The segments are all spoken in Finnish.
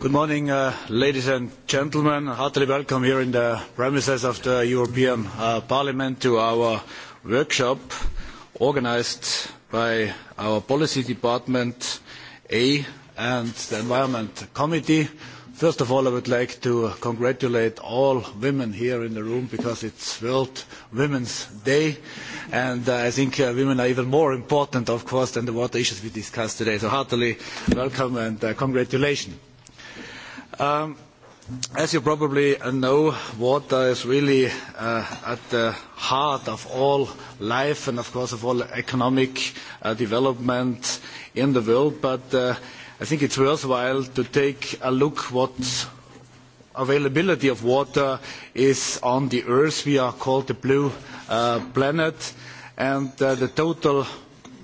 Good morning, uh, ladies and gentlemen. Heartily welcome here in the premises of the European uh, Parliament to our workshop organized by our Policy Department A and the Environment Committee. First of all, I would like to congratulate all women here in the room because it's World Women's Day. And uh, I think uh, women are even more important, of course, than the water issues we discussed today. So heartily welcome and uh, congratulations. Um, as you probably know, water is really uh, at the heart of all life and, of course, of all economic uh, development in the world. But uh, I think it's worthwhile to take a look what availability of water is on the Earth. We are called the blue planet, and the total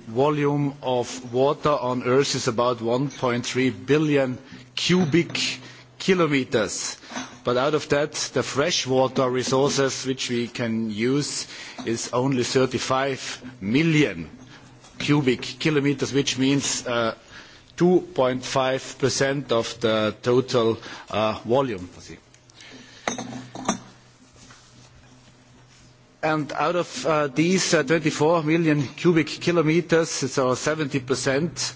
volume of water on Earth is about 1.3 billion cubic kilometers. But out of that, the freshwater resources which we can use is only 35 million cubic kilometers, which means uh, 2.5% of the total uh, volume. And out of uh, these 24 uh, million cubic kilometers, it's our 70%,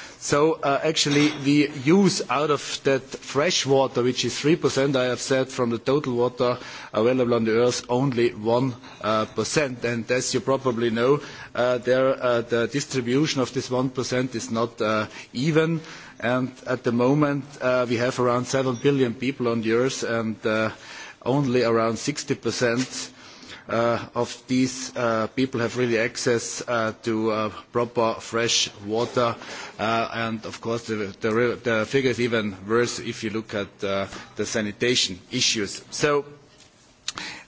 So uh, actually the use out of that fresh water, which is 3%, I have said, from the total water available on the earth, only 1%. Uh, percent. And as you probably know, uh, there, uh, the distribution of this 1% is not uh, even. And at the moment, uh, we have around 7 billion people on the earth, and only around 60% Uh, of these uh, people have really access uh, to proper fresh water. and of course, the, the, the figure is even worse if you look at the sanitation issues. So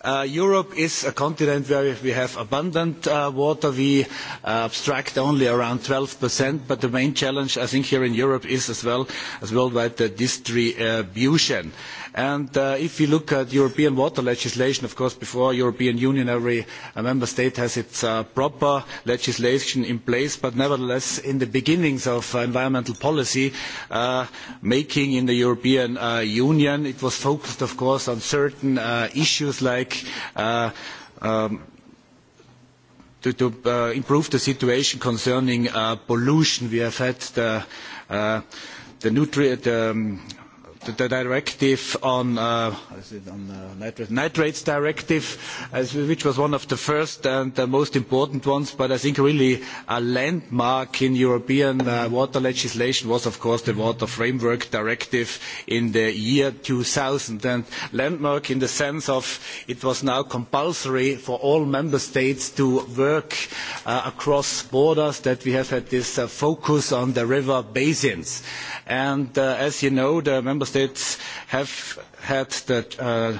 Uh, Europe is a continent where we have abundant uh, water. We uh, abstract only around 12%, but the main challenge, I think, here in Europe is as well as worldwide the distribution. Uh, And uh, if you look at European water legislation, of course, before European Union, every uh, member state has its uh, proper legislation in place, but nevertheless, in the beginnings of uh, environmental policy uh, making in the European uh, Union, it was focused, of course, on certain issues like um, to, to uh, improve the situation concerning uh, pollution. We have had the, uh, the nutrient um, the directive on, uh, on uh, nitrates, nitrates directive, as, which was one of the first and the most important ones, but I think really a landmark in European uh, water legislation was, of course, the Water Framework Directive in the year 2000. And landmark in the sense of it was now compulsory for all member states to work across borders, that we have had this focus on the river basins. And as you know, the member States have had the uh,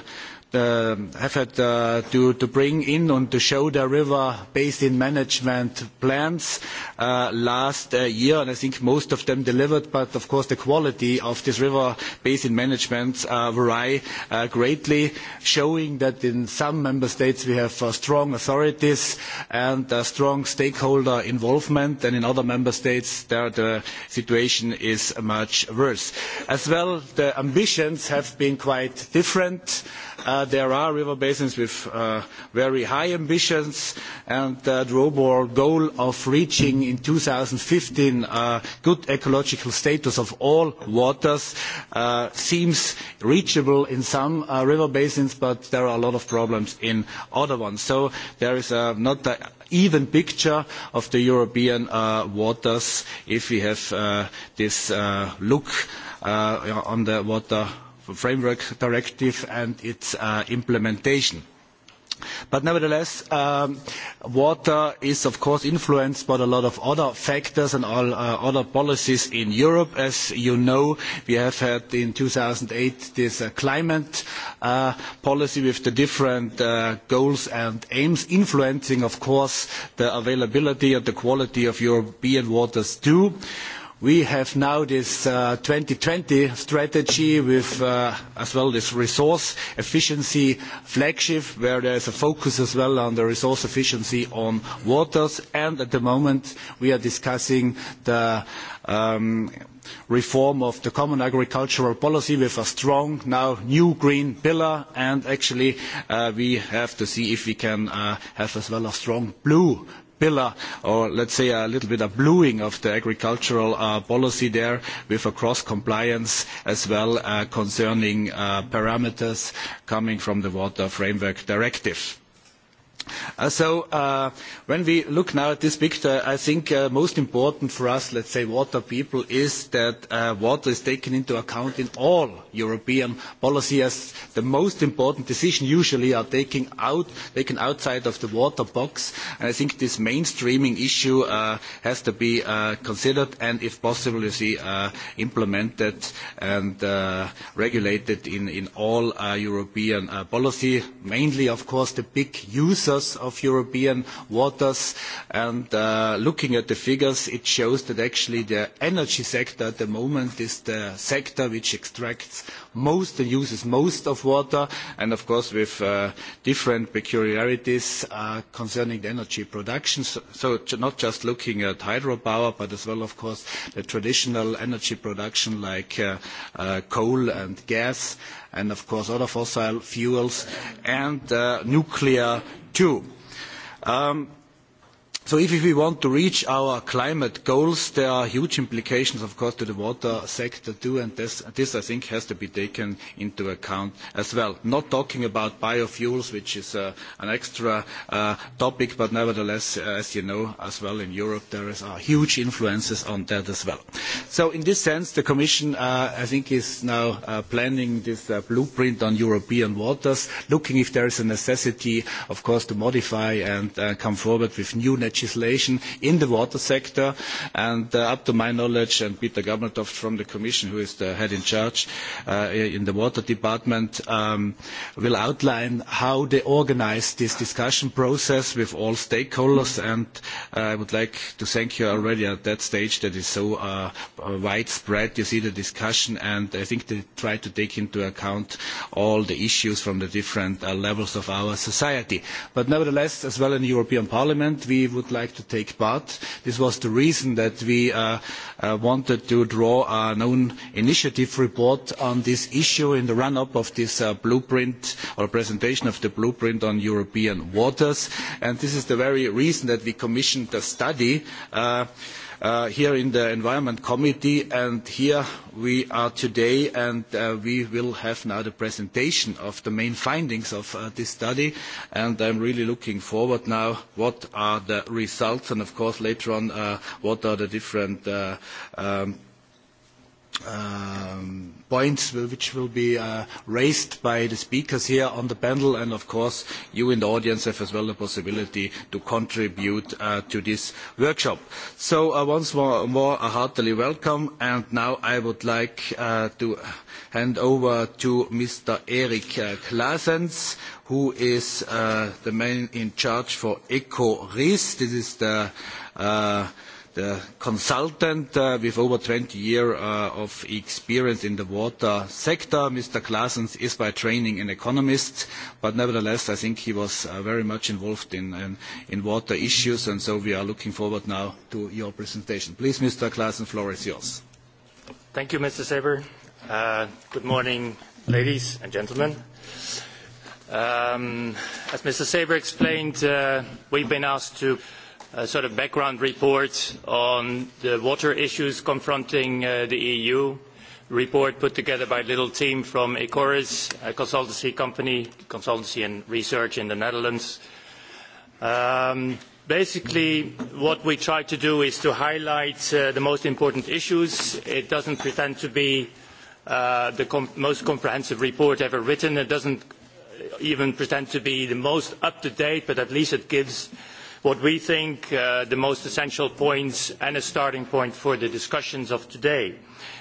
Uh, effort uh, to, bring in and to show the river basin management plans uh, last year, and I think most of them delivered. But of course, the quality of this river basin management vary greatly, showing that in some member states we have strong authorities and strong stakeholder involvement, and in other member states there the situation is much worse. As well, the ambitions have been quite different. Uh, there are river basins with uh, very high ambitions, and uh, the overall goal of reaching in 2015 a good ecological status of all waters seems reachable in some river basins, but there are a lot of problems in other ones. So there is not an even picture of the European waters if we have this look on the water framework directive and its uh, implementation. But nevertheless, um, water is of course influenced by a lot of other factors and all, uh, other policies in Europe. As you know, we have had in 2008 this uh, climate uh, policy with the different uh, goals and aims influencing, of course, the availability and the quality of European waters too. We have now this 2020 uh, strategy with uh, as well this resource efficiency flagship, where there is a focus as well on the resource efficiency on waters. At the moment, we are discussing the um, reform of the common agricultural policy with a strong now new green pillar actually uh, we have to see if we can have as well a strong blue pillar or let's say a little bit of bluing of the agricultural uh, policy there with a cross compliance as well uh, concerning uh, parameters coming from the water framework directive. Uh, so uh, when we look now at this picture, I think uh, most important for us, let's say water people, is that water is taken into account in all European policy as the most important decision usually are taken, out, taken outside of the water box. And I think this mainstreaming issue has to be considered and, if possible, you see, implemented and regulated in, in all European policy, mainly, of course, the big users users of European waters. And uh, looking at the figures, it shows that actually the energy sector at the moment is the sector which extracts most and uses most of water, and of course with uh, different peculiarities uh, concerning the energy production. So, so not just looking at hydropower, but as well, of course, the traditional energy production like uh, uh, coal and gas, and of course other fossil fuels, and uh, nuclear too. Um, So if, we want to reach our climate goals, there are huge implications, of course, to the water sector too, and this, this I think, has to be taken into account as well. Not talking about biofuels, which is uh, an extra uh, topic, but nevertheless, uh, as you know, as well in Europe, there is, are uh, huge influences on that as well. So in this sense, the Commission, uh, I think, is now uh, planning this blueprint on European waters, looking if there is a necessity, of course, to modify and come forward with new legislation in the water sector. And uh, up to my knowledge, and Peter Gamertov from the Commission, who is the head in charge uh, in the water department, um, will outline how they organise this discussion process with all stakeholders. Mm-hmm. And uh, I would like to thank you already at that stage that is so uh, widespread. You see the discussion, and I think they try to take into account all the issues from the different uh, levels of our society. But nevertheless, as well in the European Parliament, we would would like to take part. This was the reason that we uh, uh, wanted to draw an own initiative report on this issue in the run-up of this uh, blueprint or presentation of the blueprint on European waters. And this is the very reason that we commissioned a study uh, Uh, here in the Environment Committee, and here we are today, and uh, we will have now the presentation of the main findings of uh, this study, and I'm really looking forward now what are the results, and of course later on what are the different um, Um, points which will be uh, raised by the speakers here on the panel and of course you in the audience have as well the possibility to contribute uh, to this workshop. So uh, once more, more a heartily welcome and now I would like uh, to hand over to Mr. Erik uh, Klasens who is uh, the man in charge for ECORIS. This is the uh, the consultant uh, with over 20 years uh, of experience in the water sector. Mr. Claessens is by training an economist, but nevertheless, I think he was uh, very much involved in, in, water issues, and so we are looking forward now to your presentation. Please, Mr. Claessens, floor is yours. Thank you, Mr. Seber. Good morning, ladies and gentlemen. Um, as Mr. Seber explained, we've been asked to Uh, sort of background report on the water issues confronting uh, the EU, report put together by a little team from Ecoris, a consultancy company, consultancy and research in the Netherlands. Um, basically, what we try to do is to highlight uh, the most important issues. It doesn't pretend to be uh, the com most comprehensive report ever written. It doesn't uh, even pretend to be the most up-to-date, but at least it gives what we think are uh, the most essential points and a starting point for the discussions of today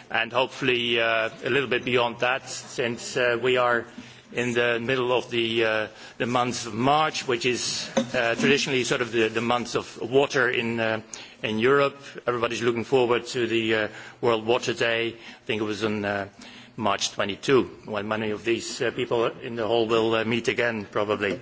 and hopefully uh, a little bit beyond that since uh, we are in the middle of the, uh, the month of March, which is uh, traditionally sort of the, the month of water in, uh, in Europe. Everybody's looking forward to the uh, World Water Day. I think it was on uh, March 22, when many of these uh, people in the hall will uh, meet again, probably.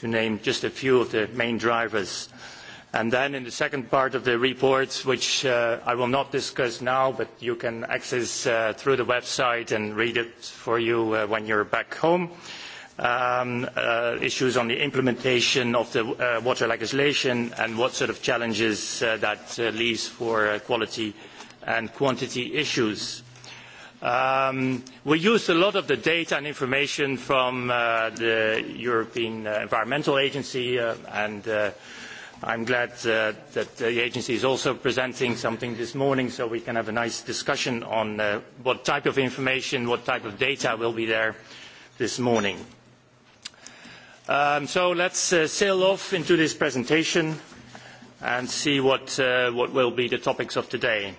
to name just a few of the main drivers. And then in the second part of the report, which uh, I will not discuss now, but you can access uh, through the website and read it for you uh, when you're back home, um, uh, issues on the implementation of the uh, water legislation and what sort of challenges uh, that uh, leaves for uh, quality and quantity issues. Um, we used a lot of the data and information from uh, the European uh, Environmental Agency, uh, and i I'm glad that the agency is also presenting something this morning so we can have a nice discussion on what type of information, what type of data will be there this morning. Um, so let's us sail off into this presentation and see what will be the topics of today.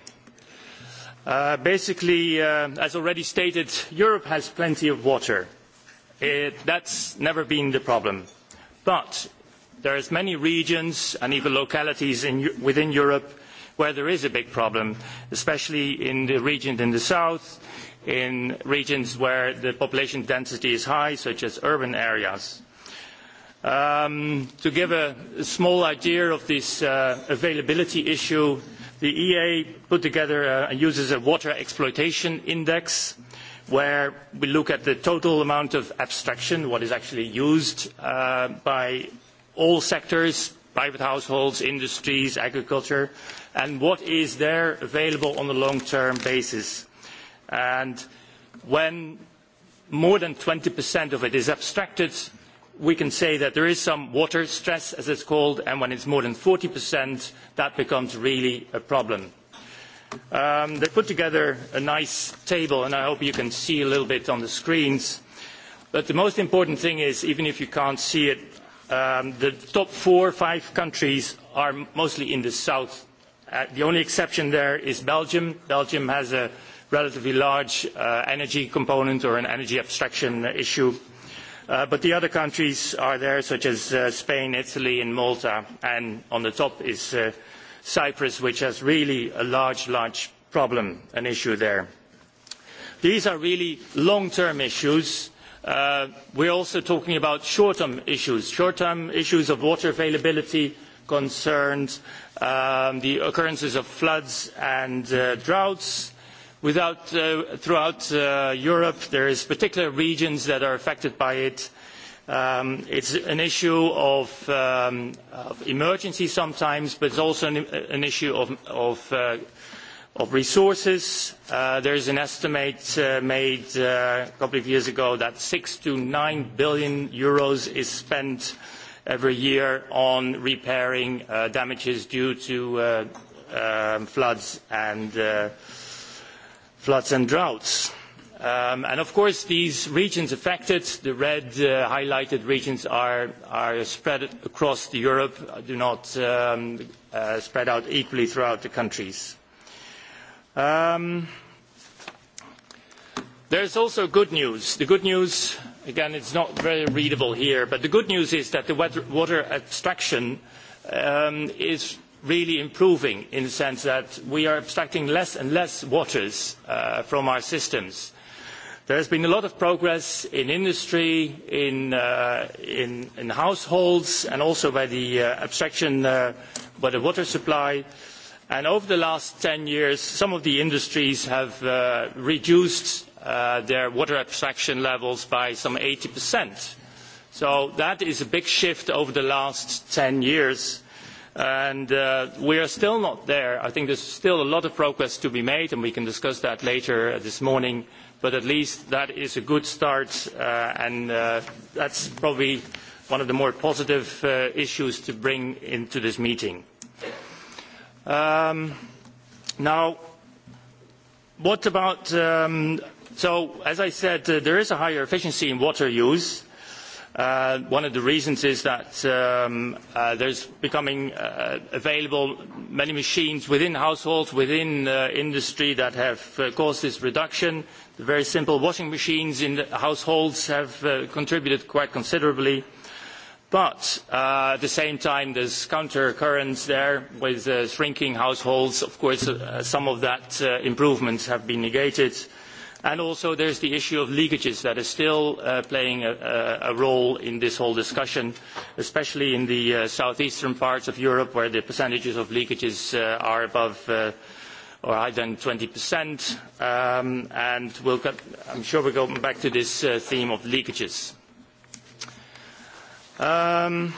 Uh, basically, uh, as already stated, Europe has plenty of water. It, uh, that's never been the problem. But there are many regions and even localities in, within Europe where there is a big problem, especially in the regions in the south, in regions where the population density is high, such as urban areas. Um, to give a, a small idea of this uh, availability issue, the ea put together and uses a water exploitation index where we look at the total amount of abstraction what is actually used uh, by all sectors private households industries agriculture and what is there available on a long term basis. And when more than twenty of it is abstracted we can say that there is some water stress as it is called and when it is more than forty that becomes really a problem. Um, they put together a nice table and i hope you can see a little bit on the screens but the most important thing is even if you cannot see it um, the top four or five countries are mostly in the south. Uh, the only exception there is belgium. belgium has a relatively large uh, energy component or an energy abstraction issue Uh, but the other countries are there such as uh, spain italy and malta and on the top is uh, cyprus which has really a large large problem and issue there. these are really long term issues. we are also talking about short term issues short term issues of water availability concerns um, the occurrences of floods and droughts Uh, throughout uh, Europe, there are particular regions that are affected by it. it um, it's an issue um, of, emergency sometimes, but it's also an, issue of, uh, resources. there is an estimate made a couple of years ago that six to nine billion euros is spent every year on repairing damages due to um, floods and floods and droughts. Um, and of course, these regions affected, the red uh, highlighted regions, are, are spread across Europe, uh, do not um, uh, spread out equally throughout the countries. Um, there is also good news. The good news, again, it's not very readable here, but the good news is that the water abstraction um, is really improving in the sense that we are abstracting less and less waters uh, from our systems. There has been a lot of progress in industry, in, uh, in, in households, and also by the uh, abstraction uh, by the water supply. And over the last 10 years, some of the industries have uh, reduced their water abstraction levels by some 80%. So that is a big shift over the last 10 years and uh, we are still not there. I think there is still a lot of progress to be made, and we can discuss that later uh, this morning, but at least that is a good start, uh, and that that's probably one of the more positive issues to bring into this meeting. Um, now, what about... Um, so, as I said, there is a higher efficiency in water use, Uh, one of the reasons is that um, uh, there are becoming uh, available many machines within households, and within industry that have caused this reduction. The very simple washing machines in households have contributed quite considerably. But at the same time, there are counter currents there with shrinking households. Of course, some of that uh, improvements have been negated. Uh, and also there is the issue of leakages that is still uh, playing a, a role in this whole discussion especially in the uh, southeastern parts of europe where the percentages of leakages uh, are above uh, or higher than 20%, um, and we'll get, I'm sure we'll go back to this uh, theme of leakages. Um,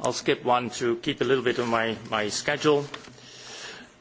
I'll skip one to keep a little bit of my, my schedule.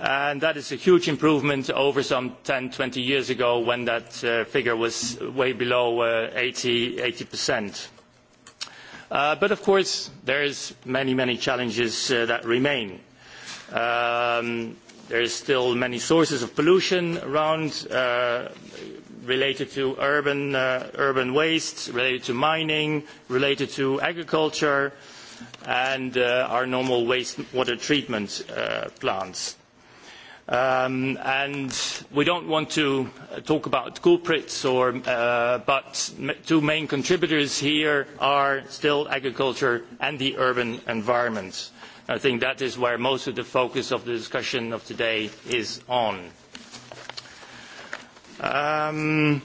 and that is a huge improvement over some 10, 20 years ago when that uh, figure was way below uh, eighty. 80, 80%. Uh, but of course, there's many, many challenges that remain. Um, there are still many sources of pollution around related to urban, urban waste, related to mining, related to agriculture, and our normal wastewater treatment plants. Um, and we do not want to uh, talk about culprits, or, uh, but two main contributors here are still agriculture and the urban environment. I think that is where most of the focus of the discussion of today is on. Um,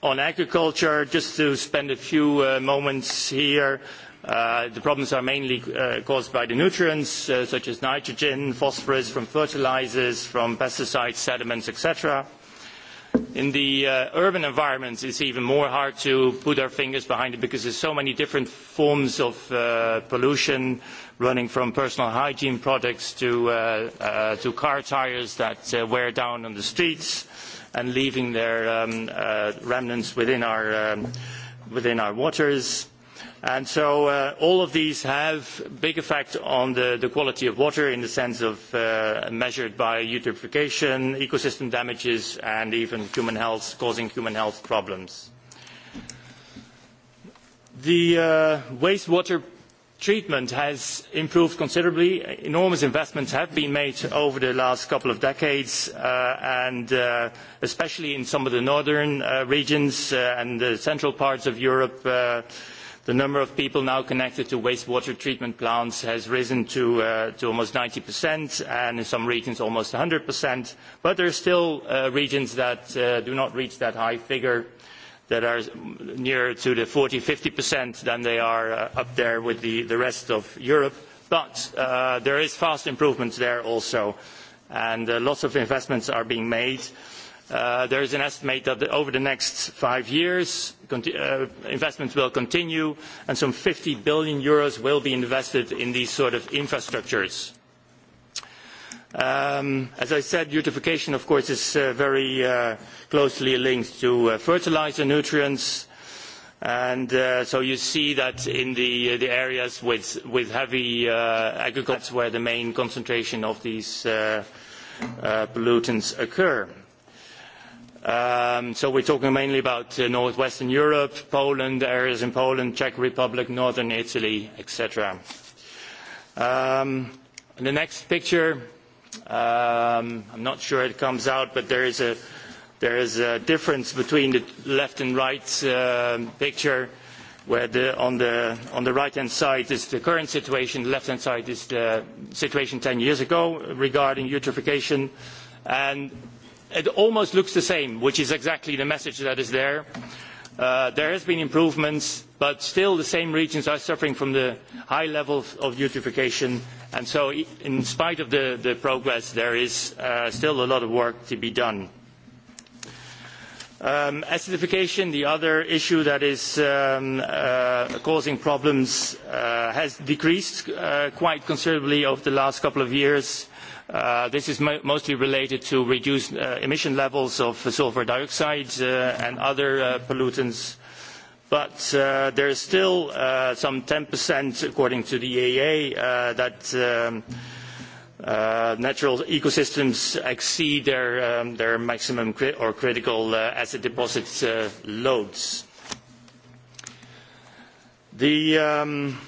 on agriculture, just to spend a few uh, moments here, uh, Uh, the problems are mainly uh, caused by the nutrients uh, such as nitrogen, phosphorus from fertilizers, from pesticides, sediments, etc. In the urban environments, it's even more hard to put our fingers behind it because there's so many different forms of pollution running from personal hygiene products to, car tires that wear down on the streets and leaving their um, remnants within our, um, within our waters so uh, all of these have big effect on the, quality of water in the sense of uh, measured by eutrophication, ecosystem damages, and even human health, causing human health problems. The uh, wastewater treatment has improved considerably. Enormous investments have been made over the last couple of decades, uh, and uh, especially in some of the northern uh, regions uh, and the central parts of Europe, the number of people now connected to wastewater treatment plants has risen to, uh, almost 90% and in some regions almost 100%, but there are still uh, regions that uh, do not reach that high figure that are nearer to the 40-50% than they are up there with the, rest of Europe. But there is fast improvement there also, and lots of investments are being made. Uh, there is an estimate that over the next five years, uh, investments will continue, and some 50 billion euros will be invested in these sort of infrastructures. Um, as I said, eutrophication, of course, is uh, very uh, closely linked to fertilizer nutrients. And so you see that in the, areas with, heavy agriculture, that's where the main concentration of these pollutants occur. Um, so we are talking mainly about uh, north western europe poland areas in poland czech republic northern italy etc. Um, the next picture i am um, not sure it comes out but there is a, difference between the left and right uh, picture where on, the, on the right hand side is the current situation the left hand side is the situation ten years ago regarding eutrophication and it almost looks the same which is exactly the message that is there. Uh, there have been improvements but still the same regions are suffering from the high level of eutrophication and so in spite of the, the progress there is uh, still a lot of work to be done. Um, acidification the other issue that is um, uh, causing problems uh, has decreased uh, quite considerably over the last couple of years Uh, this is mostly related to reduced uh, emission levels of sulfur dioxide uh, and other pollutants. But there is still some 10%, according to the EAA, that um, natural ecosystems exceed their, um, maximum or critical acid deposit loads. The um,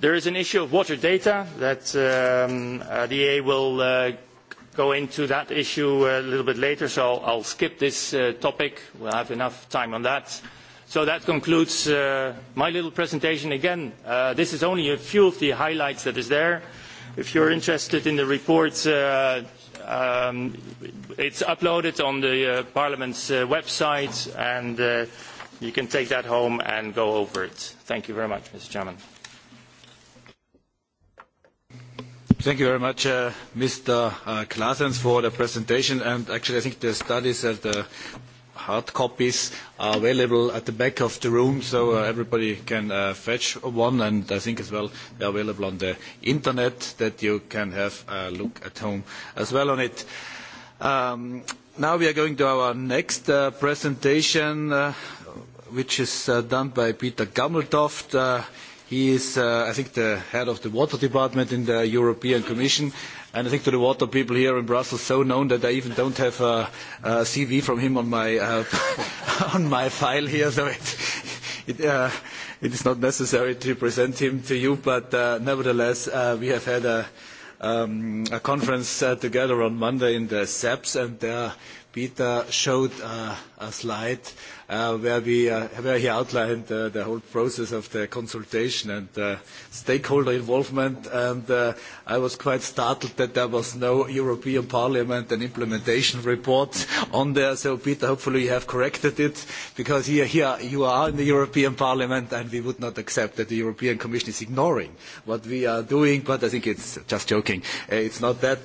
There is an issue of water data that um, uh, the EA will uh, go into that issue uh, a little bit later, so I'll skip this uh, topic. We'll have enough time on that. So that concludes uh, my little presentation. Again, uh, this is only a few of the highlights that is there. If you're interested in the report, uh, um, it's uploaded on the uh, Parliament's uh, website, and uh, you can take that home and go over it. Thank you very much, Mr. Chairman. Thank you very much, uh, Mr. Claessens, uh, for the presentation. And actually, I think the studies and the hard copies are available at the back of the room, so uh, everybody can fetch one. And I think as well, they're available on the internet, that you can have a look at home as well on it. Um, now we are going to our next presentation, which is done by Peter Gammeltoft he is, uh, I think, the head of the water department in the European Commission. And I think to the water people here in Brussels, so known that I even don't have a, a CV from him on my, uh, on my file here. So it, it, uh, it is not necessary to present him to you. But uh, nevertheless, uh, we have had a, um, a conference uh, together on Monday in the SEPS, e and uh, Peter showed uh, a slide uh, where we uh, where he outlined uh, the whole process of the consultation and stakeholder involvement. And I was quite startled that there was no European Parliament and implementation report on there. So Peter, hopefully you have corrected it because here, here you are in the European Parliament and we would not accept that the European Commission is ignoring what we are doing. But I think it's just joking. It's not that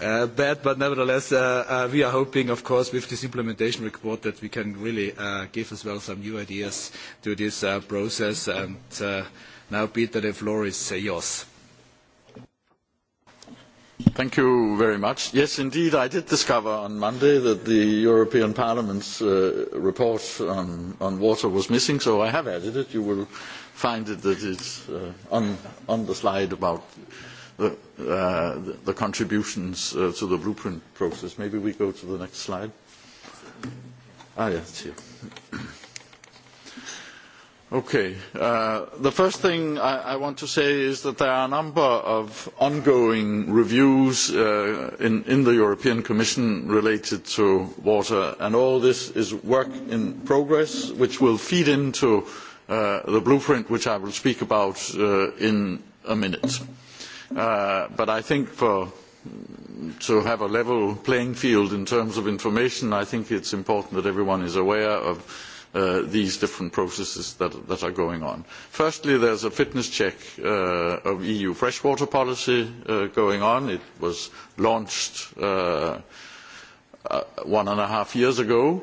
uh, bad, but nevertheless, uh, uh, we are hoping, of course, with this implementation quote that we can really uh, give as well some new ideas to this uh, process. And uh, now, Peter, the floor is uh, yours. Thank you very much. Yes, indeed, I did discover on Monday that the European Parliament's uh, report on, on water was missing, so I have added it. You will find it that it's uh, on, on the slide about the, uh, the contributions uh, to the blueprint process. Maybe we go to the next slide. Ah, yes, here. Okay. Uh, the first thing I, want to say is that there are a number of ongoing reviews uh, in, the European Commission related to water, and all this is work in progress, which will feed into uh, the blueprint, which I will speak about in a minute. But I think for to have a level playing field in terms of information, I think it's important that everyone is aware of uh, these different processes that, that, are going on. Firstly, there's a fitness check uh, of EU freshwater policy uh, going on. It was launched uh, uh, one and a half years ago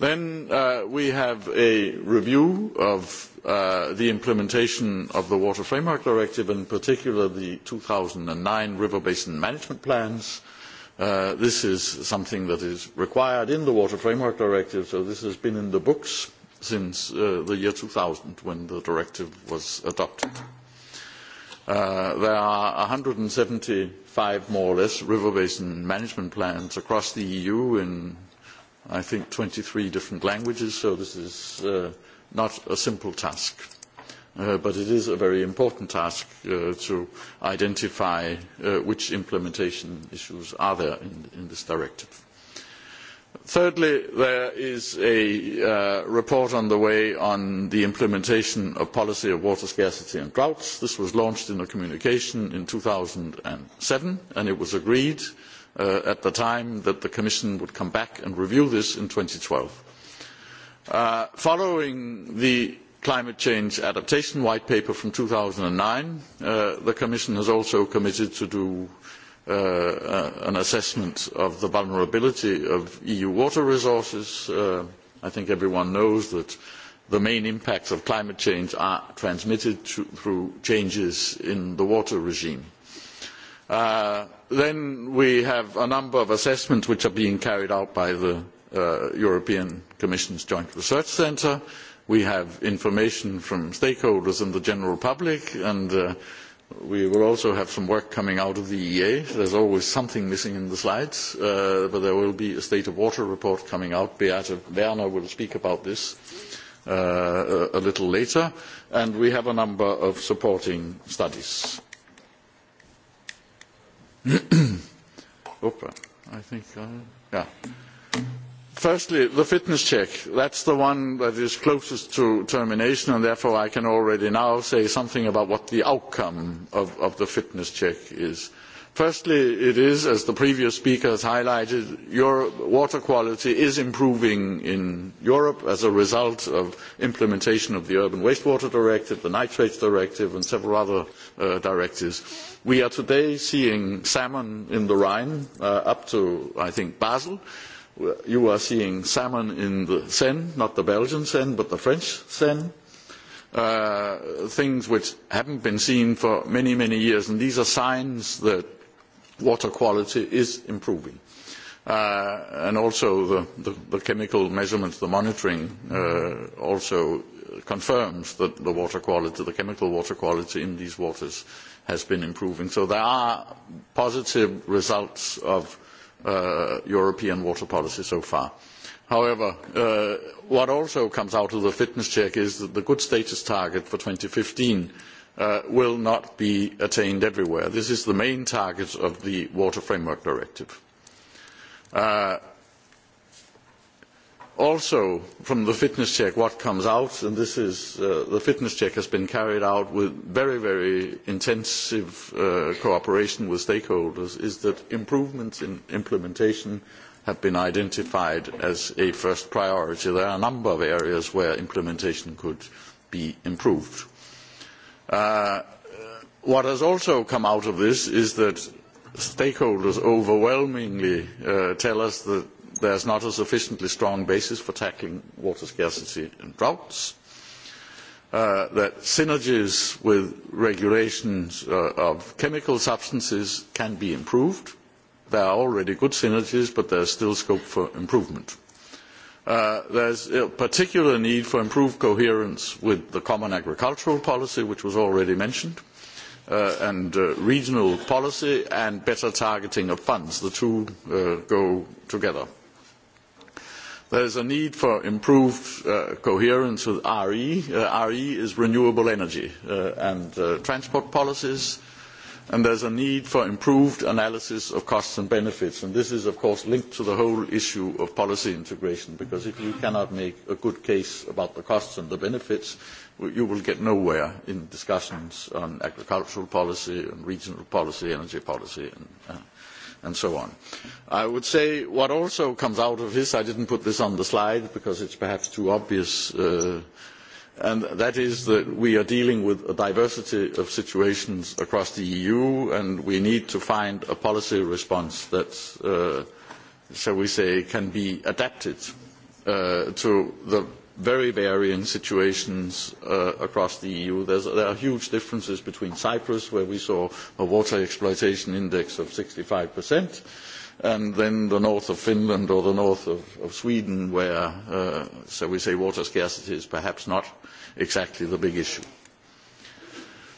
Then uh, we have a review of uh, the implementation of the Water Framework Directive, in particular the two thousand and nine River Basin Management Plans. Uh, this is something that is required in the Water Framework Directive, so this has been in the books since the year two thousand when the directive was adopted. there are one hundred and seventy five more or less river basin management plans across the EU in I think, 23 different languages, so this is uh, not a simple task. Uh, but it is a very important task uh, to identify uh, which implementation issues are there in, in this directive. Thirdly, there is a uh, report on the way on the implementation of policy of water scarcity and droughts. This was launched in a communication in 2007, and it was agreed uh, Uh, at the time that the Commission would come back and review this in 2012. twelve uh, following the Climate Change Adaptation White Paper from 2009, nine uh, the Commission has also committed to do an assessment of the vulnerability of EU water resources. I think everyone knows that the main impacts of climate change are transmitted through changes in the water regime. Uh, then we have a number of assessments which are being carried out by the uh, European Commission's Joint Research Centre. We have information from stakeholders and the general public, and uh, we will also have some work coming out of the eea there is always something missing in the slides, but there will be a state of water report coming out. Beate Werner will speak about this. a little later, and we have a number of supporting studies. Opa, I think, uh, yeah. Firstly, the fitness check. That's the one that is closest to termination, and therefore I can already now say something about what the outcome of, of the fitness check is firstly it is as the previous speaker has highlighted water quality is improving in europe as a result of implementation of the urban wastewater directive the nitrates directive and several other uh, directives. we are today seeing salmon in the rhine uh, up to i think basel you are seeing salmon in the seine not the belgian seine but the french seine uh, things which haven't been seen for many, many years, and these are signs that water quality is improving. Uh, and also the, the, the chemical measurements, the monitoring uh, also confirms that the water quality, the chemical water quality in these waters has been improving. So there are positive results of uh, European water policy so far. However, uh, what also comes out of the fitness check is that the good status target for 2015 fifteen Uh, will not be attained everywhere. This is the main target of the Water Framework Directive. Uh, also, from the fitness check, what comes out, and this is, uh, the fitness check has been carried out with very, very intensive uh, cooperation with stakeholders, is that improvements in implementation have been identified as a first priority. There are a number of areas where implementation could be improved. Uh, what has also come out of this is that stakeholders overwhelmingly uh, tell us that there is not a sufficiently strong basis for tackling water scarcity and droughts, uh, that synergies with regulations of chemical substances can be improved. There are already good synergies, but there is still scope for improvement Uh, there is a particular need for improved coherence with the common agricultural policy which was already mentioned uh, and uh, regional policy and better targeting of funds. the two go together. there is a need for improved coherence with re. re is renewable energy and transport policies and there is a need for improved analysis of costs and benefits. this is of course linked to the whole issue of policy integration because if you cannot make a good case about the costs and the benefits you will get nowhere in discussions on agricultural policy and regional policy energy policy and, uh, and so on. I would say what also comes out of this, I did not put this on the slide because it is perhaps too obvious uh, and that is that we are dealing with a diversity of situations across the EU, and we need to find a policy response that, uh, shall we say, can be adapted uh, to the very varying situations uh, across the EU. There's, there are huge differences between Cyprus, where we saw a water exploitation index of 65 percent, uh, and then the north of Finland or the north of, Sweden, where, uh, shall we say, water scarcity is perhaps not exactly the big issue.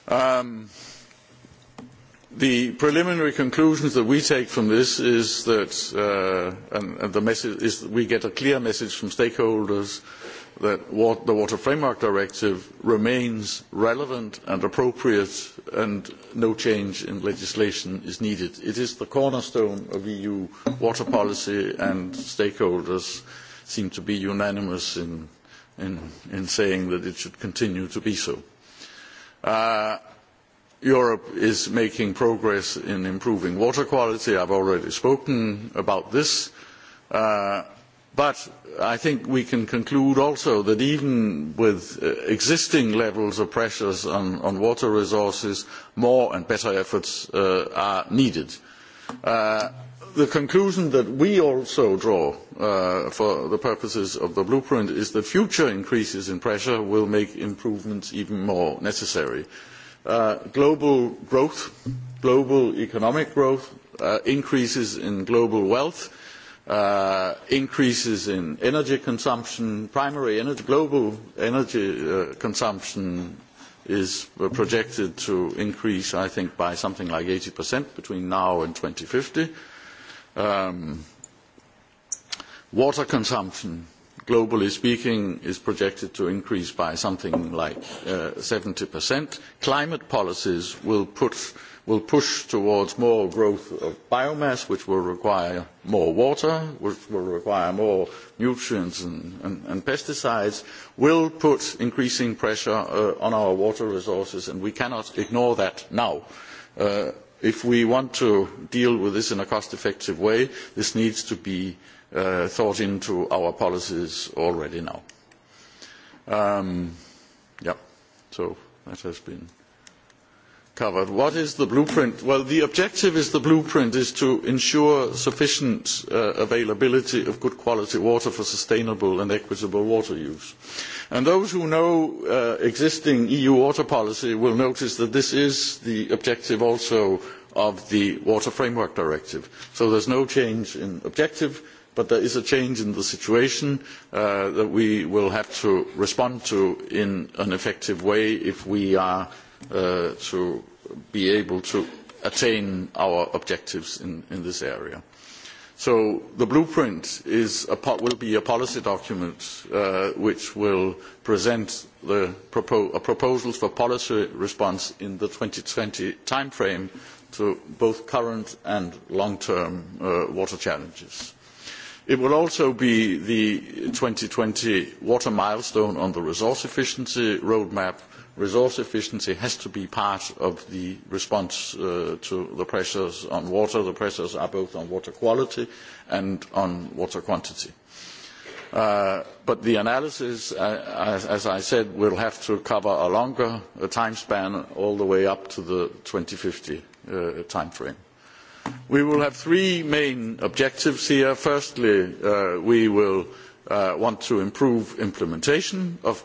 Um, the preliminary conclusions that we take from this is that, uh, we get a clear message from stakeholders uh, that the Water Framework Directive remains relevant and appropriate and no change in legislation is needed. It is the cornerstone of EU water policy and stakeholders seem to be unanimous in, in, in saying that it should continue to be so. Uh, Europe is making progress in improving water quality. I've already spoken about this. Uh, But I think we can conclude also that even with uh, existing levels of pressures on, water resources, more and better efforts uh, are needed. Uh, the conclusion that we also draw for the purposes of the blueprint is that future increases in pressure will make improvements even more necessary. global growth, global economic growth, increases in global wealth, Uh, increases in energy consumption, primary global energy uh, consumption is uh, projected to increase, I think, by something like 80% between now and 2050. fifty um, water consumption, globally speaking, is projected to increase by something like uh, 70%. Climate policies will put will push towards more growth of biomass, which will require more water, which will require more nutrients and, and, and pesticides, will put increasing pressure uh, on our water resources, and we cannot ignore that now. Uh, if we want to deal with this in a cost-effective way, this needs to be uh, thought into our policies already now. Um, yeah, so that has been covered. What is the blueprint? Well, the objective is the blueprint is to ensure sufficient uh, availability of good quality water for sustainable and equitable water use. And those who know uh, existing EU water policy will notice that this is the objective also of the Water Framework Directive. So there's no change in objective, but there is a change in the situation uh, that we will have to respond to in an effective way if we are Uh, to be able to attain our objectives in, this area. So the blueprint will be a policy document uh, which will present uh, proposals for policy response in the 2020 timeframe to both current and long-term water challenges. It will also be the 2020 water milestone on the resource efficiency roadmap resource efficiency has to be part of the response uh, to the pressures on water. The pressures are both on water quality and on water quantity. Uh, but the analysis, uh, as, as I said, will have to cover a longer uh, time span all the way up to the 2050 uh, timeframe. We will have three main objectives here. Firstly, uh, we will uh, want to improve implementation of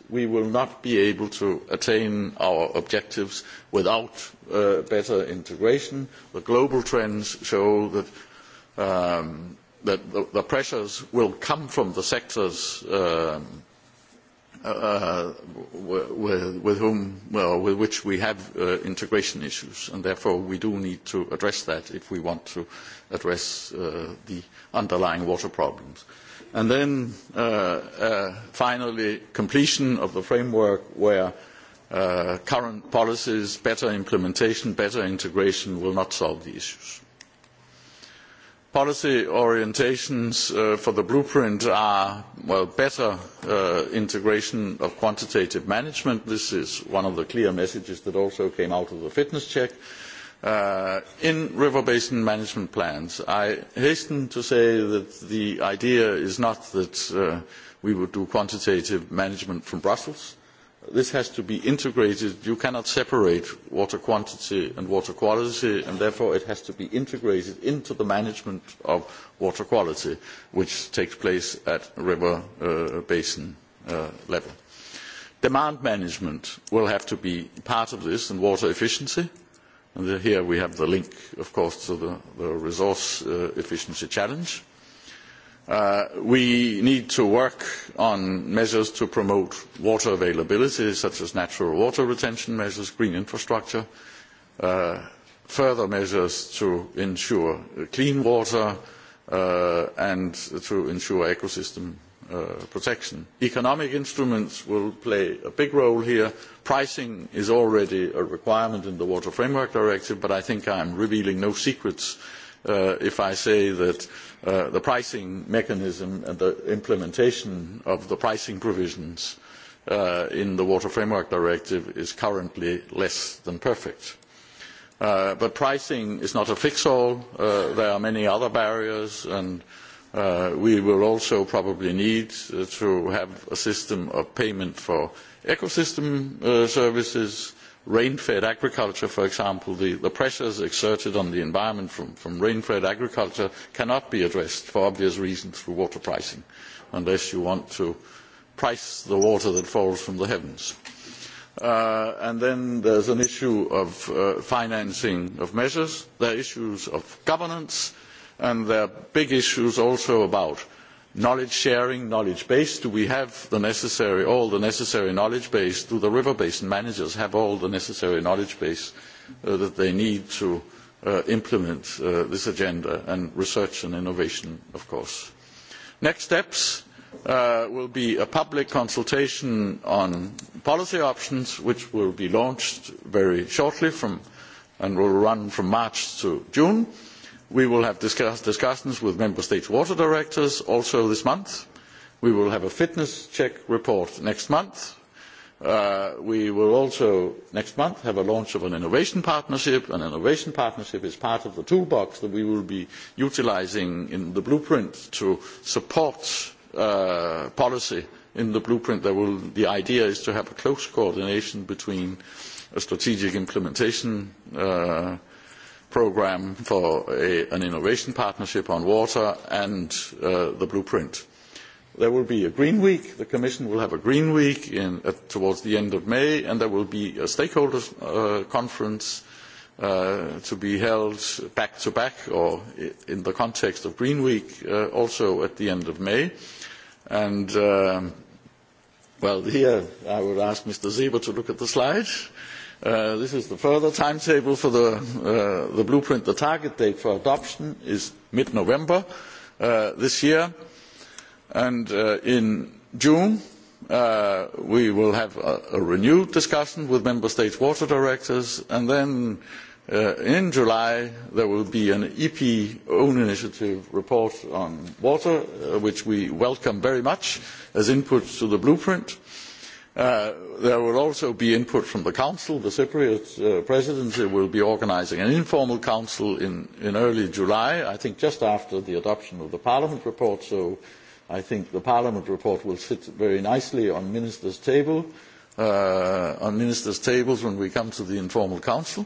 we will not be able to attain our objectives without uh, better integration. The global trends show that, um, the, pressures will come from the sectors um, uh, uh, with, whom, with which we have integration issues, and therefore we do need to address that if we want to address the underlying water problems. And then uh, uh, finally, completion of the framework where uh, current policies, better implementation, better integration will not solve the issues. Policy orientations for the blueprint are, well, better integration of quantitative management. This is one of the clear messages that also came out of the fitness check. Uh, Uh, in river basin management plans i hasten to say that the idea is not that uh, we would do quantitative management from brussels this has to be integrated you cannot separate water quantity and water quality and therefore it has to be integrated into the management of water quality which takes place at river uh, basin uh, level demand management will have to be part of this and water efficiency And here we have the link, of course, to the, resource uh, efficiency challenge. Uh, we need to work on measures to promote water availability, such as natural water retention measures, green infrastructure, uh, further measures to ensure clean water, and to ensure ecosystem Uh, protection. Economic instruments will play a big role here. Pricing is already a requirement in the Water Framework Directive, but I think i am revealing no secrets uh, if I say that uh, the pricing mechanism and the implementation of the pricing provisions in the Water Framework Directive is currently less than perfect. but pricing is not a fix-all. there are many other barriers Uh, we will also probably need uh, to have a system of payment for ecosystem uh, services, rain-fed agriculture, for example. The, pressures exerted on the environment from, rain-fed agriculture cannot be addressed, for obvious reasons, through water pricing, unless you want to price the water that falls from the heavens. and then is an issue of financing of measures. There are issues of governance, uh, and there are big issues also about knowledge sharing, knowledge base. Do we have all the necessary knowledge base? Do the river basin managers have all the necessary knowledge base uh, that they need to uh, implement uh, this agenda and research and innovation, of course? Next steps will be a public consultation on policy options, which will be launched very shortly and will run from March to June we will have discussions with member states' water directors also this month. we will have a fitness check report next month. Uh, we will also next month have a launch of an innovation partnership. an innovation partnership is part of the toolbox that we will be utilising in the blueprint to support uh, policy in the blueprint. the idea is to have close coordination between a strategic implementation uh, programme for a, an innovation partnership on water and uh, the blueprint. There will be a green week. The Commission will have a green week in, uh, towards the end of May, and there will be a stakeholders uh, conference uh, to be held back to back or in the context of Green Week uh, also at the end of May. And um, well, here I would ask Mr. Zeber to look at the slides. Uh, Uh, this is the further timetable for the, uh, the blueprint. The target date for adoption is mid-November uh, this year. And uh, in June, uh, we will have a, a renewed discussion with Member States water directors. And then uh, in July, there will be an EP own initiative report on water, uh, which we welcome very much as input to the blueprint. Uh, Uh, there will also be input from the council. The Cypriot uh, presidency will be organising an informal council in, early July, I think just after the adoption of the parliament report. So I think the parliament report will sit very nicely on ministers' uh, tables when we come to the informal council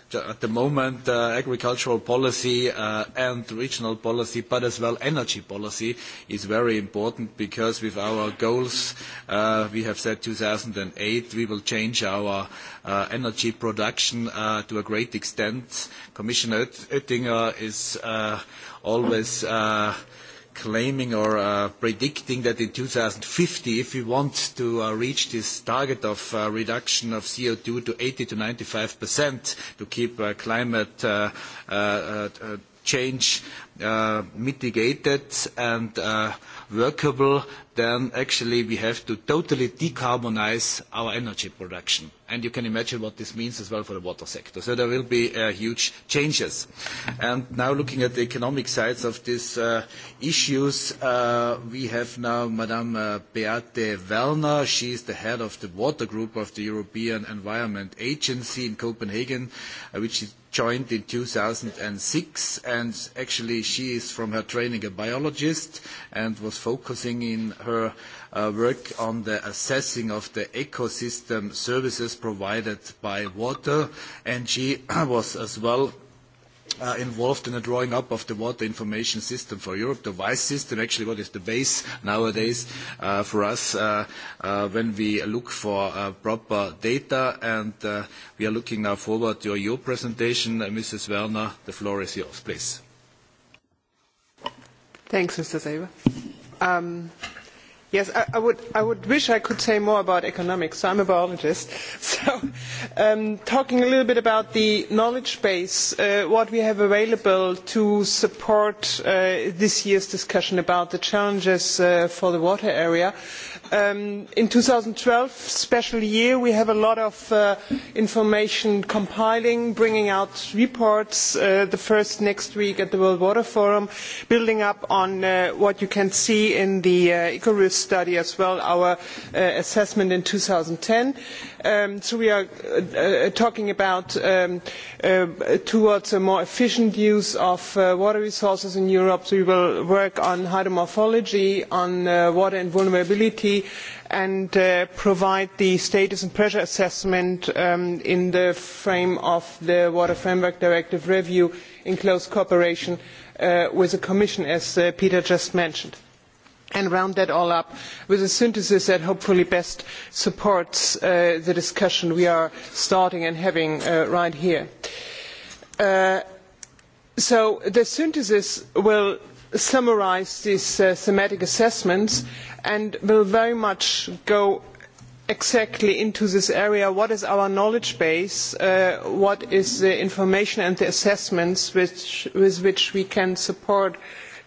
Uh, at the moment, uh, agricultural policy uh, and regional policy, but as well energy policy, is very important because with our goals, uh, we have said 2008, we will change our uh, energy production uh, to a great extent. Commissioner Oettinger is always claiming or uh, predicting that in 2050, if we want to uh, reach this target of uh, reduction of CO2 to 80 to 95 percent to keep climate change mitigated and workable, then actually we have to totally decarbonize our energy production. And you can imagine what this means as well for the water sector. So there will be uh, huge changes. And now looking at the economic sides of these uh, issues, uh, we have now Madame uh, Beate Wellner. She is the head of the water group of the European Environment Agency in Copenhagen, uh, which is joined in 2006 and actually she is from her training a biologist and was focusing in her uh, work on the assessing of the ecosystem services provided by water, and she was as well Uh, involved in the drawing up of the water information system for Europe, the WISE system, actually what is the base nowadays uh, for us uh, uh when we look for uh, proper data. And uh, we are looking now forward to your presentation. Mrs. Werner, the floor is yours, please. Thanks, Mr. Saber. Um, Yes, I, would, wish I could say more about economics. i am a biologist. So, um, talking a little bit about the knowledge base, uh, what we have available to support uh, this year's discussion about the challenges uh, for the water area. Um, in two thousand and twelve a special year, we have a lot of uh, information compiling, bringing out reports, the first next week at the World Water Forum, building up on what you can see in the uh, study as well as our uh, assessment in 2010 um, so we are uh, uh, talking about um, towards a more efficient use of water resources in Europe so we will work on hydromorphology on water and vulnerability and uh, provide the status and pressure assessment um, in the frame of the Water Framework Directive review in close cooperation uh, with the Commission, as uh, Peter just mentioned and round that all up with a synthesis that hopefully best supports uh, the discussion we are starting and having uh, right here. Uh, so the synthesis will summarise these uh, thematic assessments and will very much go exactly into this area what is our knowledge base uh, what is the information and the assessments which, with which we can support uh,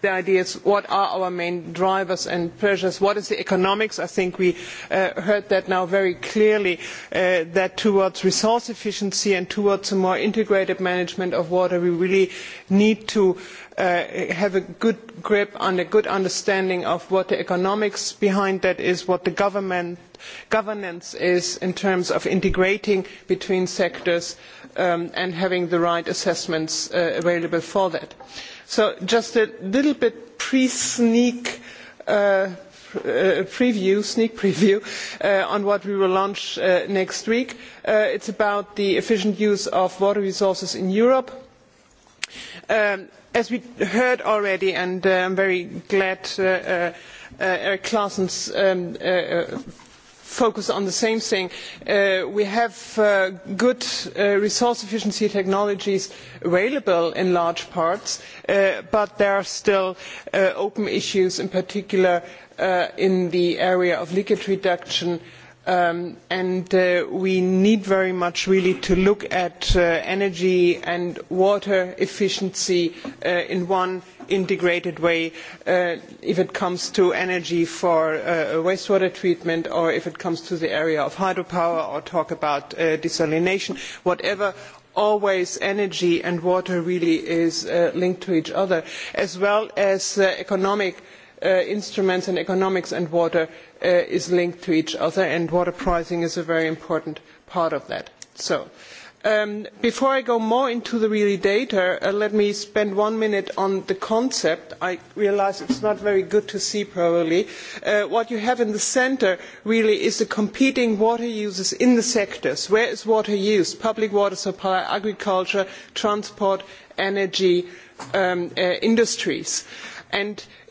the idea is what are our main drivers and pressures, what is the economics. I think we uh, heard that now very clearly, uh, that towards resource efficiency and towards a more integrated management of water, we really need to uh, have a good grip and a good understanding of what the economics behind that is, what the government, governance is in terms of integrating between sectors um, and having the right assessments uh, available for that. Uh, so just a little bit pre sneak uh, uh, preview, sneak preview uh, on what we will launch next week. It's about the efficient use of water resources in Europe. Um, as we heard already, and I'm very glad Eric Claessen's um, focus on the same thing. Uh, we have uh, good uh, resource efficiency technologies available in large parts, but there are still open issues, in particular in the area of leakage reduction, Um, and uh, we need very much really to look at uh, energy and water efficiency uh, in one integrated way if it comes to energy for wastewater treatment or if it comes to the area of hydropower or talk about desalination whatever always energy and water really is linked to each other as well as economic Uh, instruments and economics and water uh, is linked to each other and water pricing is a very important part of that. So, um, before I go more into the really data, uh, let me spend one minute on the concept. I realise it's not very good to see probably. what you have in the centre really is the competing water uses in the sectors. Where is water used? Public water supply, agriculture, transport, energy, um, industries. And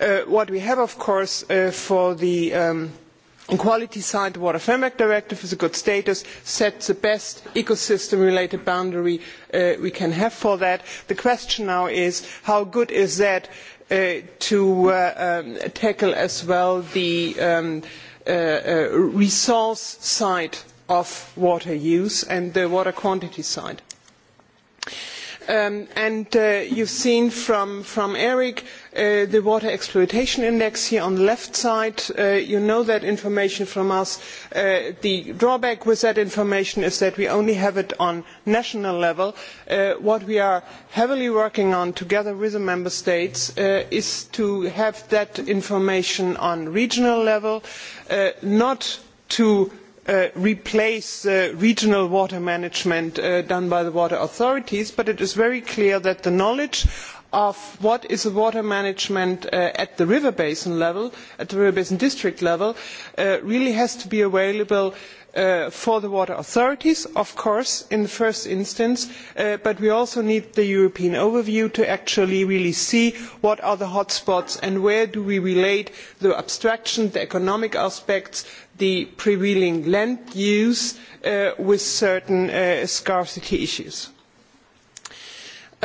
Uh, what we have of course uh, for the um, quality side the water framework directive is a good status sets the best ecosystem related boundary uh, we can have for that. the question now is how good is that to um, tackle as well the um, resource side of water use and the water quantity side? Um, and uh, you've seen from, from Eric uh, the water exploitation index here on the left side. Uh, you know that information from us. Uh, the drawback with that information is that we only have it on national level. Uh, what we are heavily working on together with the member states uh, is to have that information on regional level, uh, not to Uh, replace uh, regional water management uh, done by the water authorities but it is very clear that the knowledge of what is water management at the river basin level at the river basin district level really has to be available Uh, for the water authorities of course in the first instance uh, but we also need the european overview to actually really see what are the hot spots and where do we relate the abstraction the economic aspects the prevailing land use uh, with certain scarcity issues.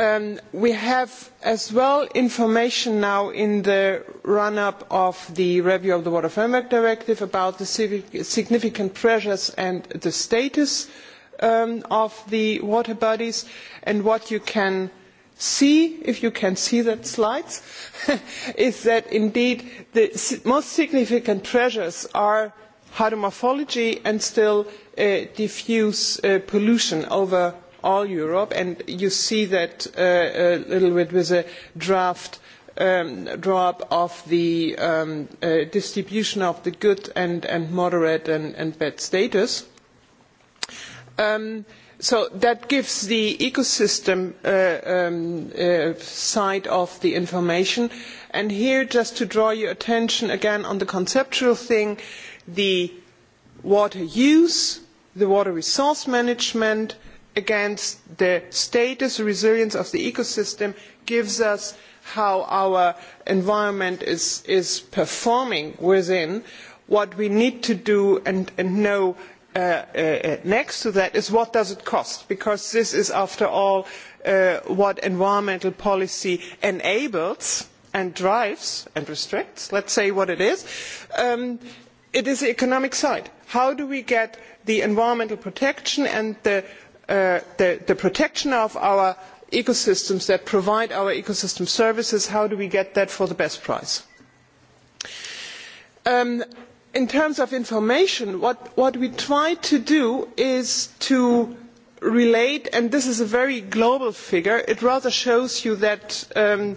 Um, we have as well information now in the run up to the review of the water framework directive about the significant pressures and the status um, of the water bodies and what you can see if you can see the slides is that indeed the most significant pressures are hydromorphology and still uh, diffuse uh, pollution over all Europe, and you see that uh, uh, a little bit with a draft um, draw up of the um, uh, distribution of the good and, moderate and, bad status. Um, so that gives the ecosystem side of the information. And here, just to draw your attention again on the conceptual thing, the water use, the water resource management, against the status resilience of the ecosystem gives us how our environment is, is performing within. What we need to do and, and know uh, uh, next to that is what does it cost? Because this is, after all, uh, what environmental policy enables and drives and restricts. Let's say what it is. Um, it is the economic side. How do we get the environmental protection and the Uh, the, protection of our ecosystems that provide our ecosystem services how do we get that for the best price? Um, in terms of information what, we try to do is to relate and this is a very global figure it rather shows you that um,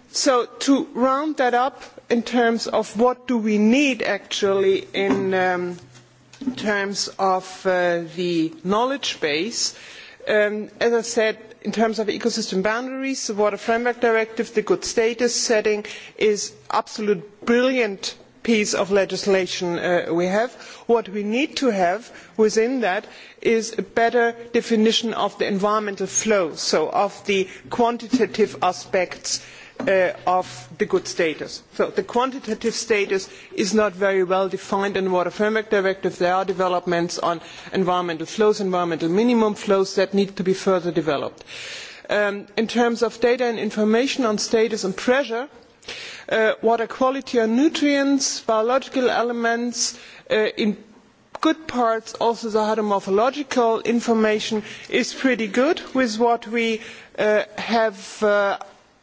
So to round that up in terms of what do we need actually in um, terms of uh, the knowledge base, um, as I said, in terms of ecosystem boundaries, the Water Framework Directive, the good status setting is absolute brilliant piece of legislation uh, we have. What we need to have within that is a better definition of the environmental flow, so of the quantitative aspects uh, Uh, of the good status. So the quantitative status is not very well defined in the Water Framework Directive. There are developments on environmental flows, environmental minimum flows that need to be further developed. Um, in terms of data and information on status and pressure, uh, water quality and nutrients, biological elements, uh, in good parts also the hydromorphological information is pretty good with what we uh, have uh,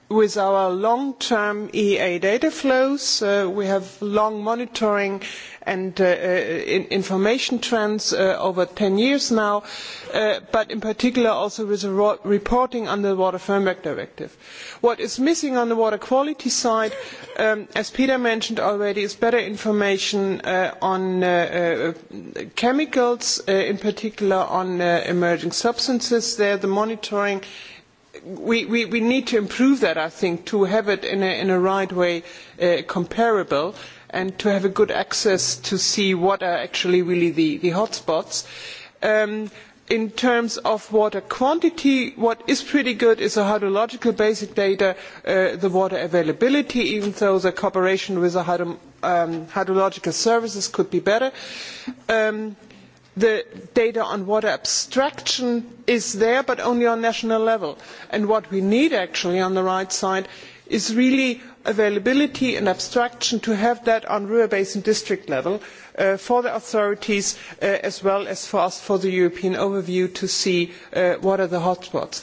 with our long-term EA data flows. Uh, we have long monitoring and uh, uh, information trends over 10 years now, but in particular also with the reporting under the Water Framework Directive. What is missing on the water quality side, um, as Peter mentioned already, is better information on chemicals, in particular on emerging substances. There, the monitoring we, we, need to improve that, I think, to have it in a, in a right way uh, comparable and to have a good access to see what are actually really the, the hotspots. Um, in terms of water quantity, what is pretty good is the hydrological basic data, uh, the water availability, even though the cooperation with the hydro, um, hydrological services could be better. Um, the data on water abstraction is there but only on national level and what we need actually on the right side is really availability and abstraction to have that on river basin district level uh, for the authorities uh, as well as for us for the european overview to see uh, what are the hotspots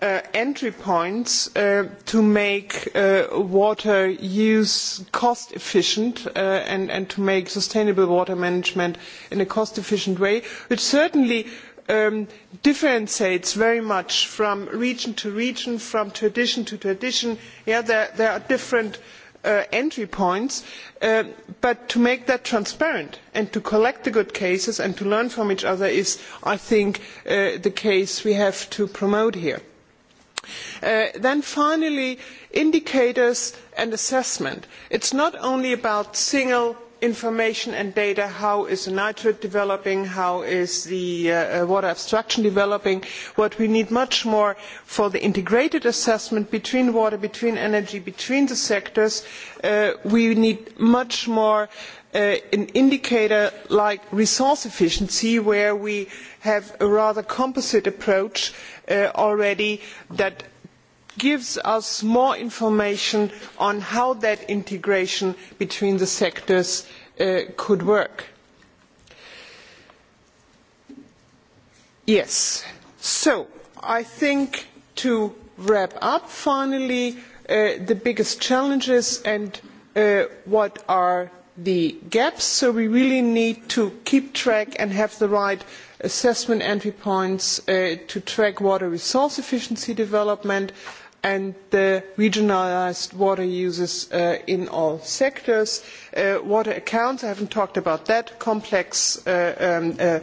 Uh, entry points uh, to make uh, water use cost efficient and, to make sustainable water management in a cost efficient way, which certainly um, differentiates very much from region to region, from tradition to tradition. there are different entry points, but to make that transparent and to collect the good cases and to learn from each other is, I think, the case we have to promote here. Uh, then finally, indicators and assessment. it is not only about single information and data how is the nitrate developing how is the uh, uh, water abstraction developing what we need much more for the integrated assessment between water between energy between the sectors we need much more an indicator like resource efficiency where we have a rather composite approach uh, Uh, already that gives us more information on how that integration between the sectors uh, could work. Yes. So, i think to wrap up finally uh, the biggest challenges and what are the gaps so we really need to keep track and have the right assessment entry points uh, to track water resource efficiency development and the regionalised water uses uh, in all sectors. Uh, water accounts, I haven't talked about that, complex uh, um, uh,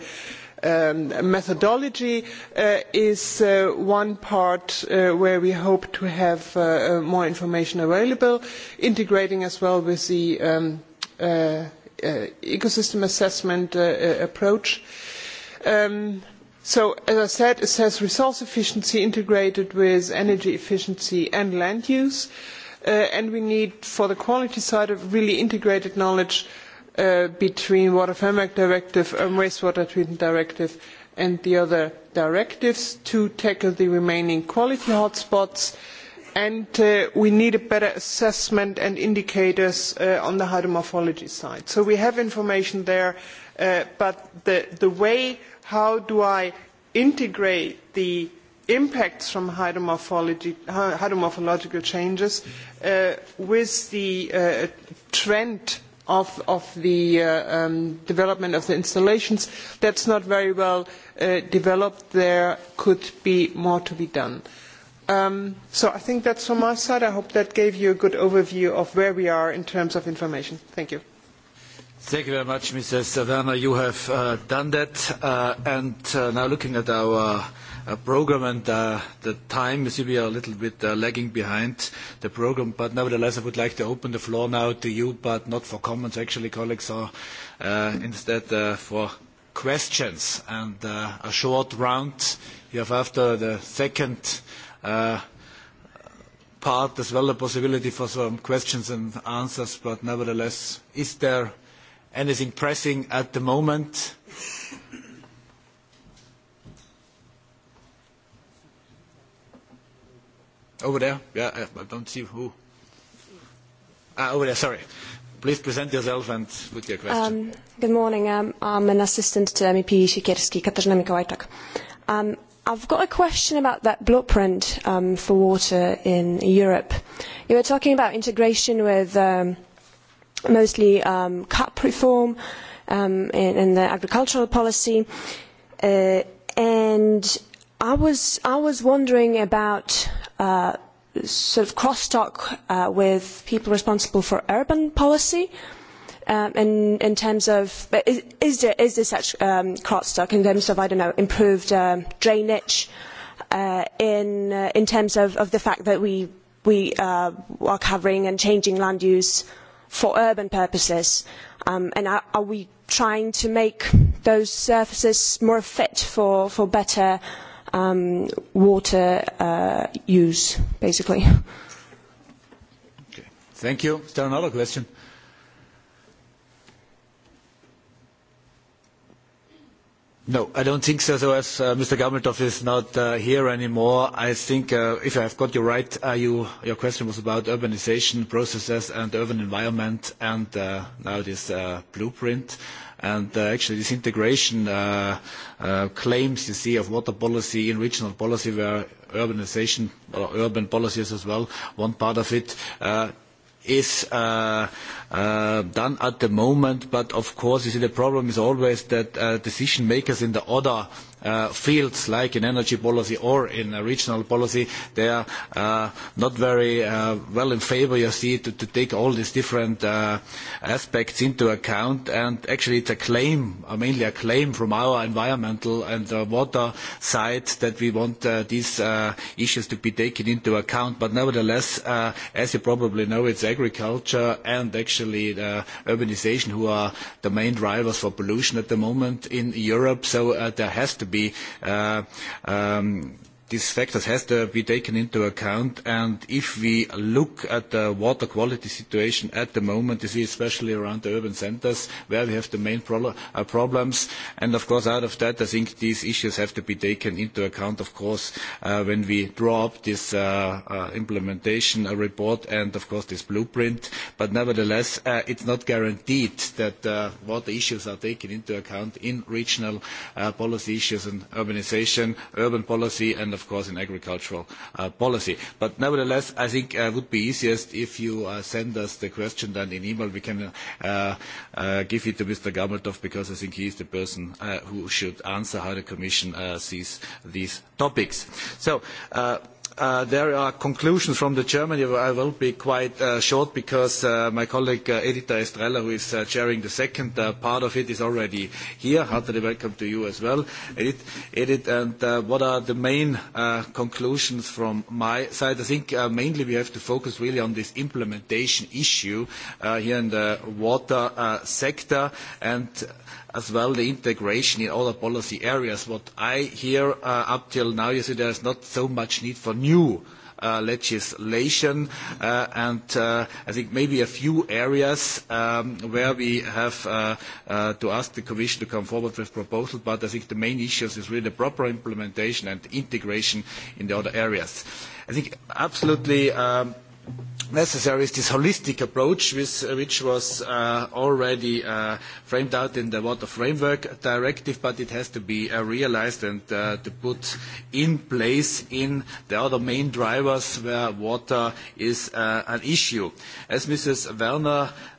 um, methodology uh, is uh, one part where we hope to have more information available, integrating as well with the um, ecosystem assessment approach. Uh, Um, so as i said it says resource efficiency integrated with energy efficiency and land use uh, and we need for the quality side of really integrated knowledge uh, between the water framework directive and water treatment directive and the other directives to tackle the remaining quality hotspots and uh, we need a better assessment and indicators on the hydromorphology side. so we have information there but the, the way how do I integrate the impacts from hydromorphological changes uh, with the uh, trend of, of the uh, um, development of the installations. That's not very well uh, developed. There could be more to be done. Um, so I think that's from my side. I hope that gave you a good overview of where we are in terms of information. Thank you. Thank you very much, Mrs. Savannah. You have uh, done that. Uh, and uh, now looking at our program and the time, you see we are a little bit lagging behind the program, but nevertheless, I would like to open the floor now to you, but not for comments, actually, colleagues, or instead for questions and a short round. You have after the second part as well, the possibility for some questions and answers, but nevertheless, is there Anything pressing at the moment? Over there. Yeah, I don't see who. Ah, over there, sorry. Please present yourself and put your question. Um, good morning. Um, I'm an assistant to MEP Siekierski, Katarzyna Mikołajczak. Um, I've got a question about that blueprint um, for water in Europe. You were talking about integration with um, – mostly um, CAP reform um, and, the agricultural policy. Uh, and I was, I was wondering about uh, sort of crosstalk uh, with people responsible for urban policy. Um, in, in terms of, is, is, there, is there such um, crosstalk in terms of, I don't know, improved um, drainage uh, in, uh, in terms of, of the fact that we, we uh, are covering and changing land use uh, for urban purposes? Um, and are, are we trying to make those surfaces more fit for, for better um, water uh, use, basically? Okay. Thank you. Is there another question? No, I don't think so. So as uh, Mr. Gammeltoff is not uh, here anymore, I think, uh, if I have got you right, uh, you, your question was about urbanization processes and urban environment and uh, now this uh, blueprint. And actually, this integration claims you see of water policy in regional policy, where urbanization or urban policies as well, one part of it, is uh, uh, done at the moment, but of course, you see, the problem is always that uh, decision makers in the other Uh, fields like in energy policy or in regional policy, they are uh, not very uh, well in favor, you see, to, take all these different aspects into account. And actually it's a claim, mainly a claim from our environmental and water side that we want these issues to be taken into account. But nevertheless, as you probably know, it's agriculture and actually the urbanization who are the main drivers for pollution at the moment in Europe. So there has to be be uh, um, these factors has to be taken into account. And if we look at the water quality situation at the moment, you see especially around the urban centres where we have the main pro uh, problems. And of course, out of that, I think these issues have to be taken into account, of course, uh, when we draw up this uh, uh implementation uh, report and, of course, this blueprint. But nevertheless, uh, it's not guaranteed that water issues are taken into account in regional policy issues and urbanisation, urban policy, and of of course, in agricultural uh, policy. But nevertheless, I think it uh, would be easiest if you uh, send us the question then in email. We can give it to Mr. Gammeltoft because I think he is the person who should answer how the Commission sees these topics. So. Uh, there are conclusions from the Germany. I will be quite uh, short because uh, my colleague uh, Edita Estrella, who is uh, chairing the second part of it, is already here. Heartily welcome to you as well, Edita. and what are the main conclusions from my side? I think mainly we have to focus really on this implementation issue here in the water sector. and as well the integration in all the policy areas. What I hear uh, up till now is that there is not so much need for new uh, legislation, uh, and uh, I think maybe a few areas um, where we have uh, uh, to ask the Commission to come forward with proposals, but I think the main issues is really the proper implementation and integration in the other areas. I think absolutely um, necessary is this holistic approach with, uh, which was uh, already uh, framed out in the Water Framework Directive, but it has to be uh, realized and uh, to put in place in the other main drivers where water is uh, an issue. As Mrs. Werner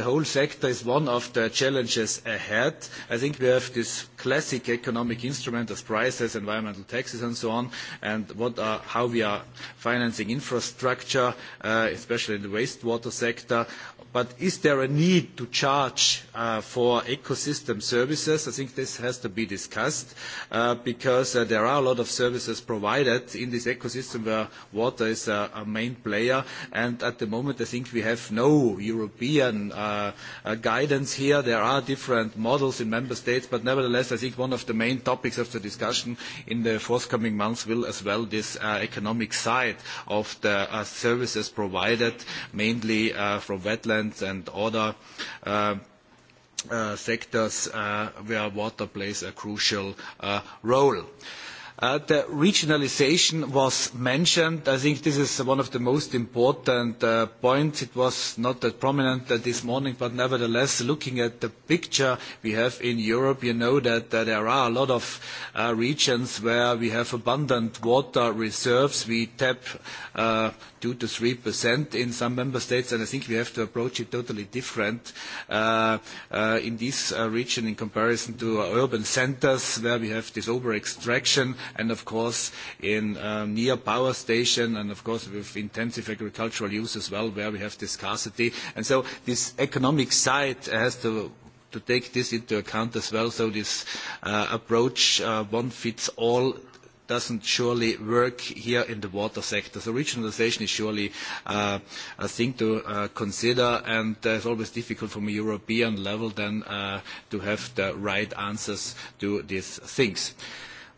the whole sector is one of the challenges ahead. I think we have this classic economic instrument of prices, environmental taxes, and so on, and what are, how we are financing infrastructure, uh, especially in the wastewater sector. But is there a need to charge uh, for ecosystem services? I think this has to be discussed uh, because uh, there are a lot of services provided in this ecosystem where water is a, a main player. And at the moment, I think we have no European guidance here. There are different models in member states, but nevertheless, I think one of the main topics of the discussion in the forthcoming months will as well this economic side of the services provided, mainly from wetlands Netherlands and other uh, uh, sectors uh, where water plays a crucial role. the regionalisation was mentioned. I think this is one of the most important points. It was not that prominent this morning, but nevertheless, looking at the picture we have in Europe, you know that there are a lot of regions where we have abundant water reserves. We tap 2 3 in some member states, and I think we have to approach it totally different uh, uh, in this uh, region in comparison to urban centers where we have this over-extraction and, of course, in um, near power station and, of course, with intensive agricultural use as well where we have this scarcity. And so this economic side has to to take this into account as well, so this approach one fits all doesn't surely work here in the water sector. So regionalization is surely uh, a thing to uh, consider, and uh, it's always difficult from a European level then uh, to have the right answers to these things.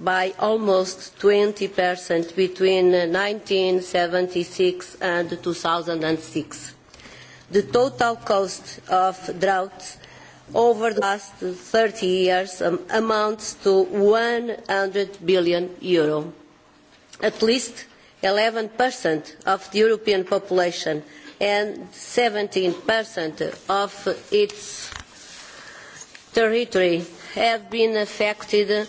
by almost 20% percent between 1976 and 2006. The total cost of droughts over the last 30 years um, amounts to 100 billion euro. At least 11% percent of the European population and 17% percent of its territory have been affected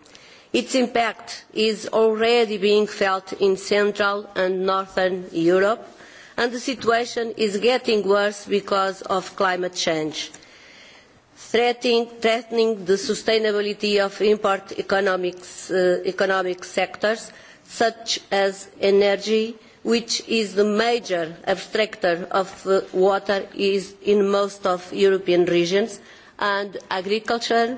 Its impact is already being felt in Central and Northern Europe, and the situation is getting worse because of climate change, threatening, the sustainability of import economics, uh, economic sectors such as energy, which is the major abstractor of uh, water is in most of European regions, and agriculture,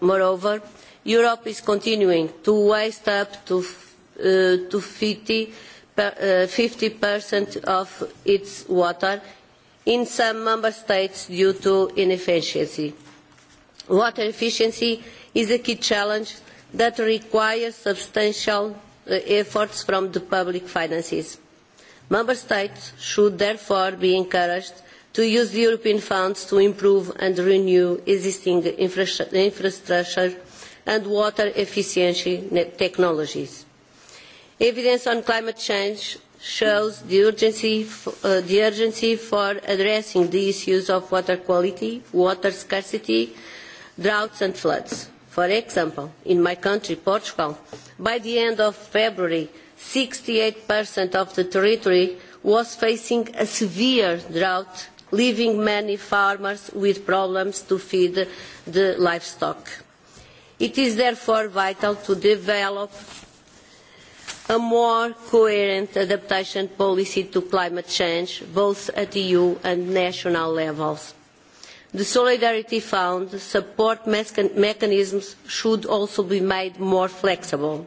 Moreover, Europe is continuing to waste up to, uh, fifty 50% uh, of its water in some member states due to inefficiency. Water efficiency is a key challenge that requires substantial uh, efforts from the public finances. Member states should therefore be encouraged to use the European funds to improve and renew existing infrastructure and water efficiency technologies. Evidence on climate change shows the urgency, uh, the urgency for addressing the issues of water quality, water scarcity, droughts and floods. For example, in my country, Portugal, by the end of February, 68% of the territory was facing a severe drought leaving many farmers with problems to feed the livestock. It is therefore vital to develop a more coherent adaptation policy to climate change, both at EU and national levels. The Solidarity Fund support mechanisms should also be made more flexible.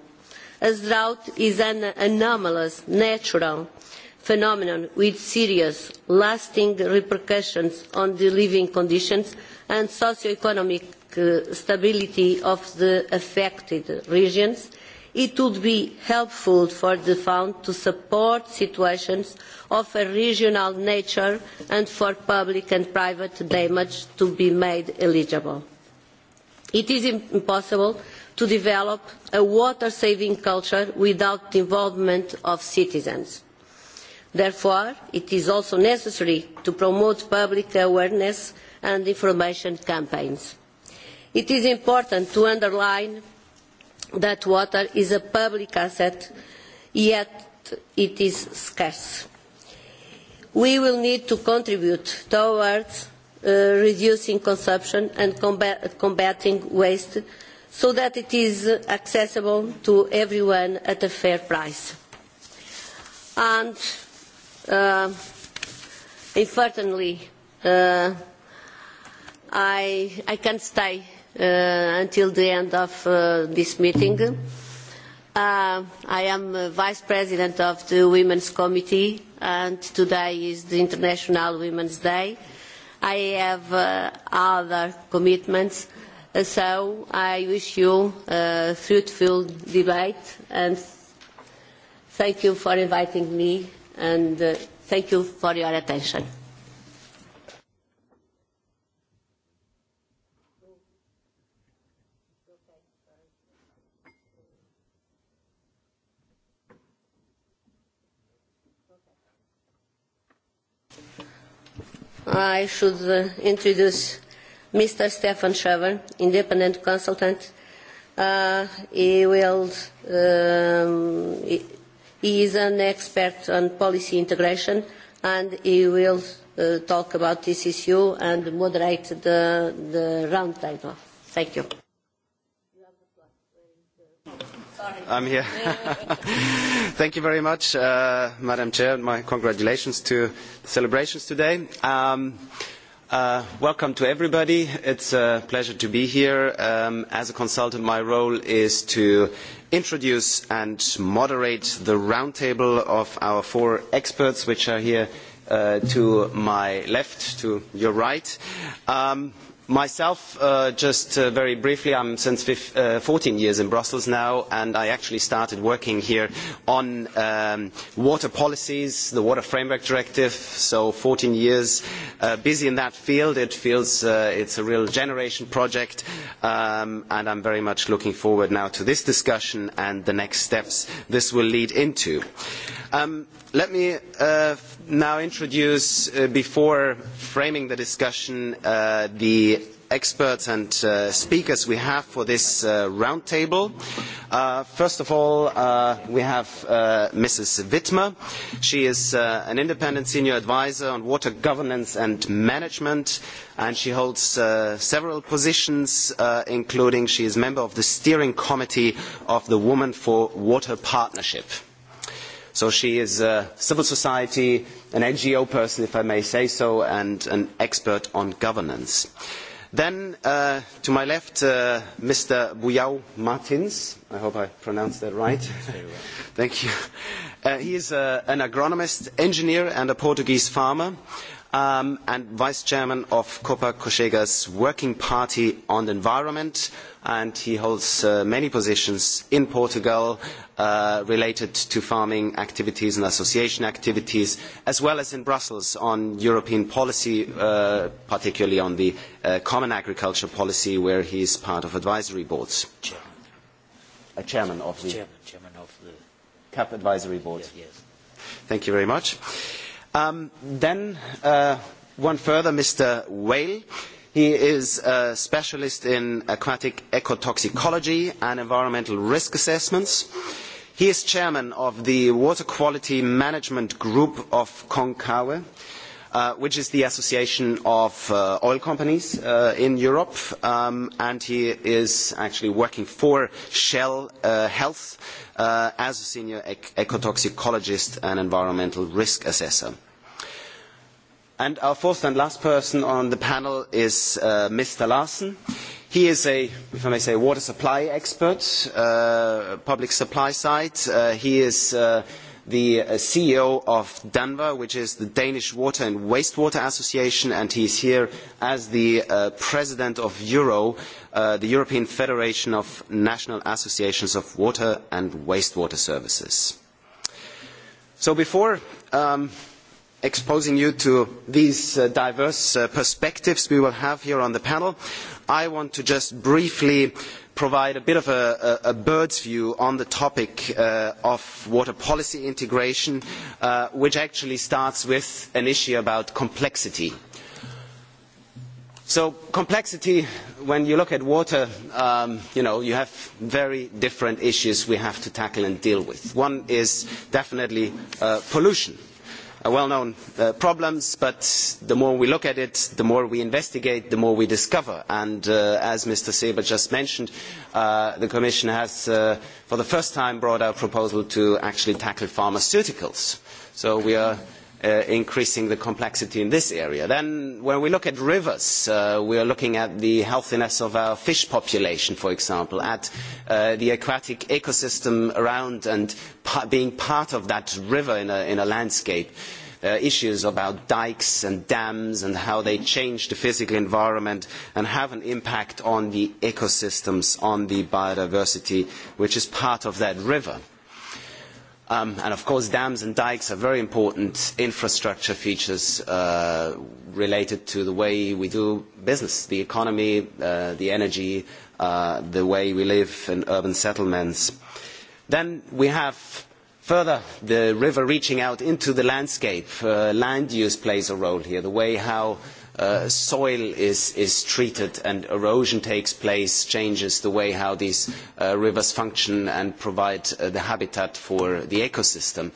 As drought is an anomalous, natural phenomenon with serious, lasting repercussions on the living conditions and socio-economic uh, stability of the affected regions, it would be helpful for the fund to support situations of a regional nature and for public and private damage to be made eligible. It is impossible to develop a water-saving culture without the involvement of citizens Therefore, it is also necessary to promote public awareness and information campaigns. It is important to underline that water is a public asset, yet it is scarce. We will need to contribute towards uh, reducing consumption and combating waste so that it is accessible to everyone at a fair price. And Uh, unfortunately, uh, I, I can't stay uh, until the end of uh, this meeting. Uh, I am uh, Vice President of the Women's Committee and today is the International Women's Day. I have uh, other commitments, uh, so I wish you a fruitful debate and thank you for inviting me and uh, thank you for your attention. I should uh, introduce Mr. Stefan Trevor, independent consultant. Uh, he will um, he is an expert on policy integration and he will uh, talk about this issue and moderate the, the round table. Thank you. I'm here. Thank you very much, uh, Madam Chair. My congratulations to the celebrations today. Um, Uh, welcome to everybody. It's a pleasure to be here. Um, as a consultant, my role is to introduce and moderate the roundtable of our four experts, which are here uh, to my left, to your right. Um, Myself, uh, just uh, very briefly, I'm since fif- uh, 14 years in Brussels now, and I actually started working here on um, water policies, the Water Framework Directive, so 14 years uh, busy in that field. It feels uh, it's a real generation project, um, and I'm very much looking forward now to this discussion and the next steps this will lead into. Um, let me uh, now introduce, uh, before framing the discussion, uh, the experts and uh, speakers we have for this uh, roundtable. Uh, first of all, uh, we have uh, Mrs. Wittmer. She is uh, an independent senior advisor on water governance and management, and she holds several positions, including she is member of the steering committee of the Women for Water Partnership. So she is a civil society, an NGO person, if I may say so, and an expert on governance. Then, uh, to my left, uh, Mr. Buyao Martins. I hope I pronounced that right. Thank you. Uh, he is uh, an agronomist, engineer, and a Portuguese farmer. Uh, Um, and vice chairman of Copa Koshega's working party on the environment, and he holds uh, many positions in Portugal uh, related to farming activities and association activities, as well as in Brussels on European policy, uh, particularly on the uh, common agriculture policy, where he is part of advisory boards. Chairman, chairman of the chairman, chairman of the CAP advisory board. yes. Thank you very much. Um, then uh, one further, Mr. Whale. He is a specialist in aquatic ecotoxicology and environmental risk assessments. He is chairman of the Water Quality Management Group of Konkawa Uh, which is the Association of uh, Oil Companies uh, in Europe, um, and he is actually working for Shell uh, Health uh, as a senior ec ecotoxicologist and environmental risk assessor. And our fourth and last person on the panel is Mr. Larsen. He is a, if I may say, water supply expert, public supply side. he is the uh, CEO of DANVA, which is the Danish Water and Wastewater Association, and he's here as the uh, president of Euro, uh, the European Federation of National Associations of Water and Wastewater Services. So before um, exposing you to these uh, diverse uh, perspectives we will have here on the panel. I want to just briefly provide a bit of a, a, a bird's view on the topic uh, of water policy integration, uh, which actually starts with an issue about complexity. So complexity, when you look at water, um, you know, you have very different issues we have to tackle and deal with. One is definitely uh, pollution Uh, well known uh, problems, but the more we look at it, the more we investigate, the more we discover. And uh, as Mr. seeber just mentioned, the Commission has, for the first time, brought out a proposal to actually tackle pharmaceuticals. So we are Uh, increasing the complexity in this area. Then when we look at rivers, uh, we are looking at the healthiness of our fish population, for example, at uh, the aquatic ecosystem around and pa being part of that river in a, in a landscape. Uh, issues about dikes and dams and how they change the physical environment and have an impact on the ecosystems, on the biodiversity, which is part of that river. Um, and of course, dams and dikes are very important infrastructure features uh, related to the way we do business, the economy, uh, the energy, uh, the way we live in urban settlements. Then we have further the river reaching out into the landscape. Uh, land use plays a role here, the way how Uh, soil is, is, treated and erosion takes place, changes the way how these uh, rivers function and provide uh, the habitat for the ecosystem.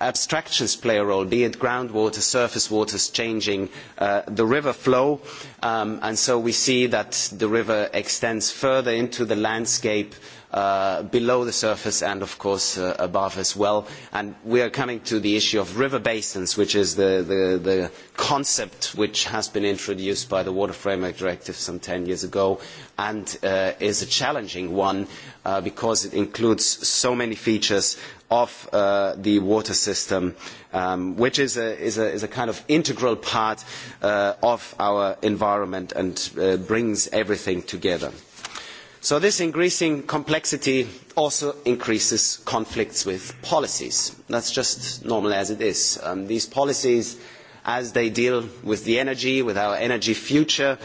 Abstractions play a role, be it groundwater, surface waters changing uh, the river flow, um, and so we see that the river extends further into the landscape Uh, below the surface and of course uh, above as well. And we are coming to the issue of river basins, which is the, the, the concept which has been introduced by the Water Framework Directive some 10 years ago and uh, is a challenging one uh, because it includes so many features of uh, the water system, um, which is a, is, a, is a, kind of integral part uh, of our environment and uh, brings everything together. So this increasing complexity also increases conflicts with policies. that is just normal as it is. Um, these policies, as they deal with the energy, with our energy future,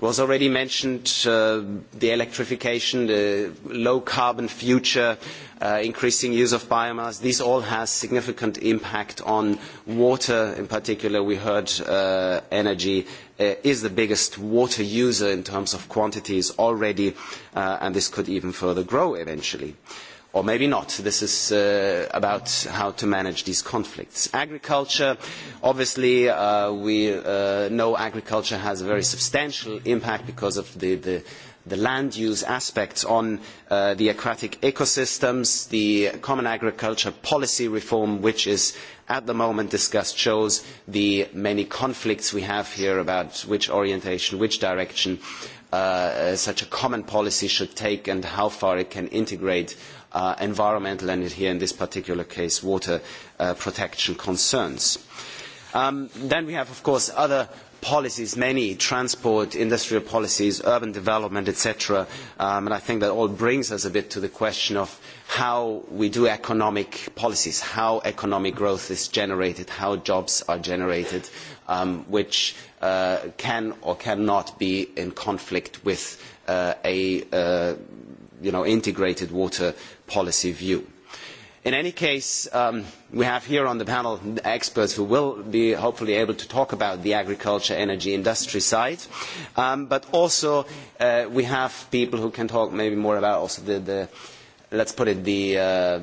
was already mentioned uh, the electrification, the low carbon future, uh, increasing use of biomass. These all has significant impact on water, in particular we heard uh, energy Uh, is the biggest water user in terms of quantities already, uh, and this could even further grow eventually. Or maybe not. This is uh, about how to manage these conflicts. Agriculture, obviously, we know agriculture has a very substantial impact because of the the land use aspects on uh, the aquatic ecosystems. The common agriculture policy reform, which is at the moment discussed, shows the many conflicts we have here about which orientation, which direction uh, such a common policy should take and how far it can integrate uh, environmental and here in this particular case water uh, protection concerns. Um, then we have, of course, other policies, many transport, industrial policies, urban development, etc. Um, and I think that all brings us a bit to the question of how we do economic policies, how economic growth is generated, how jobs are generated, um, which uh, can or cannot be in conflict with uh, a uh, you know, integrated water policy view in any case um, we have here on the panel experts who will be hopefully able to talk about the agriculture energy industry side um, but also uh, we have people who can talk maybe more about also the, the let's put it the uh,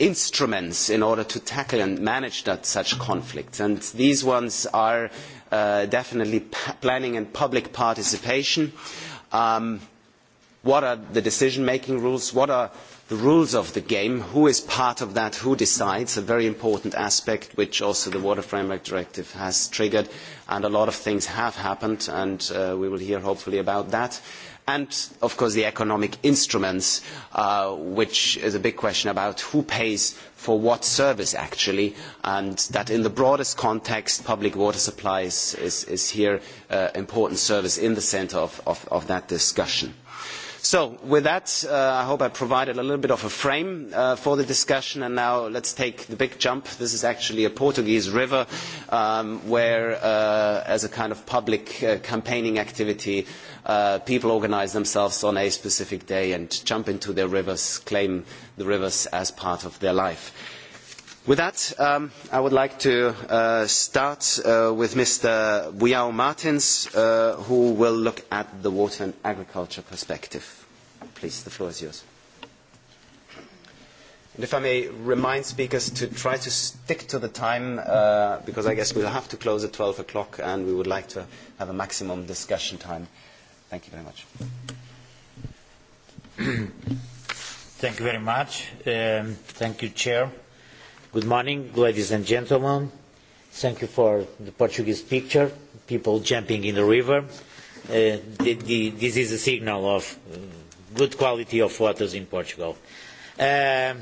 instruments in order to tackle and manage that, such conflicts. And these ones are uh, definitely planning and public participation. Um, what are the decision-making rules? What are the rules of the game, who is part of that, who decides, a very important aspect which also the Water Framework Directive has triggered, and a lot of things have happened, and uh, we will hear hopefully about that. And, of course, the economic instruments, uh, which is a big question about who pays for what service, actually, and that in the broadest context, public water supplies is, is here uh, important service in the centre of, of, of that discussion. So with that, uh, I hope I provided a little bit of a frame uh, for the discussion, and now let's take the big jump. This is actually a Portuguese river um, where, uh, as a kind of public campaigning activity, people organize themselves on a specific day and jump into their rivers, claim the rivers as part of their life. With that, um, I would like to uh, start uh, with Mr. Bujao Martins, uh, who will look at the water and agriculture perspective. Please, the floor is yours. And if I may remind speakers to try to stick to the time, uh, because I guess we'll have to close at 12 o'clock, and we would like to have a maximum discussion time. Thank you very much. Thank you very much. Um, thank you, Chair. Good morning, ladies and gentlemen. Thank you for the Portuguese picture, people jumping in the river. Uh, the, the, this is a signal of uh, good quality of waters in Portugal. Uh,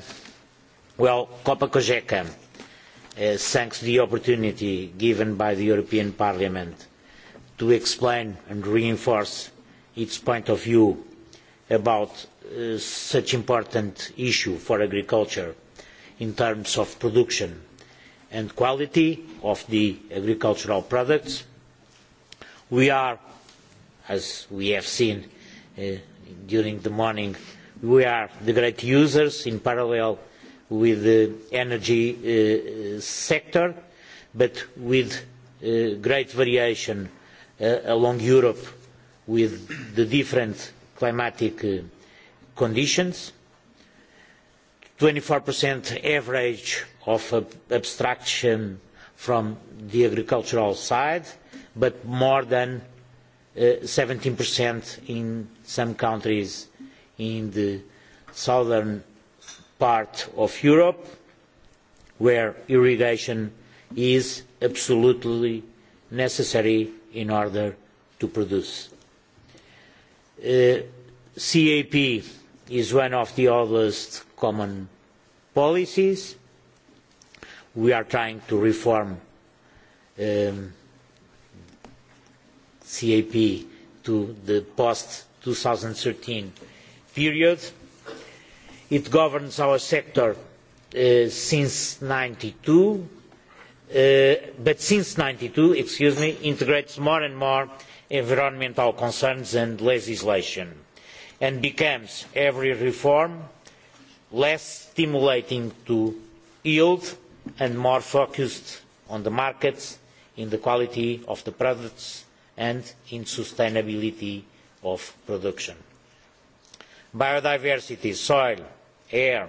well, Copa Cogeca, uh, thanks to the opportunity given by the European Parliament to explain and reinforce its point of view about uh, such important issue for agriculture in terms of production and quality of the agricultural products. We are, as we have seen uh, during the morning, we are the great users in parallel with the energy uh, sector, but with uh, great variation uh, along Europe with the different climatic uh, conditions 24% average of abstraction from the agricultural side, but more than uh, 17% in some countries in the southern part of Europe, where irrigation is absolutely necessary in order to produce. Uh, CAP is one of the oldest common policies. We are trying to reform um, CAP to the post-2013 period. It governs our sector uh, since 92, uh, but since 92, excuse me, integrates more and more environmental concerns and legislation and becomes every reform less stimulating to yield and more focused on the markets in the quality of the products and in sustainability of production. Biodiversity, soil, air,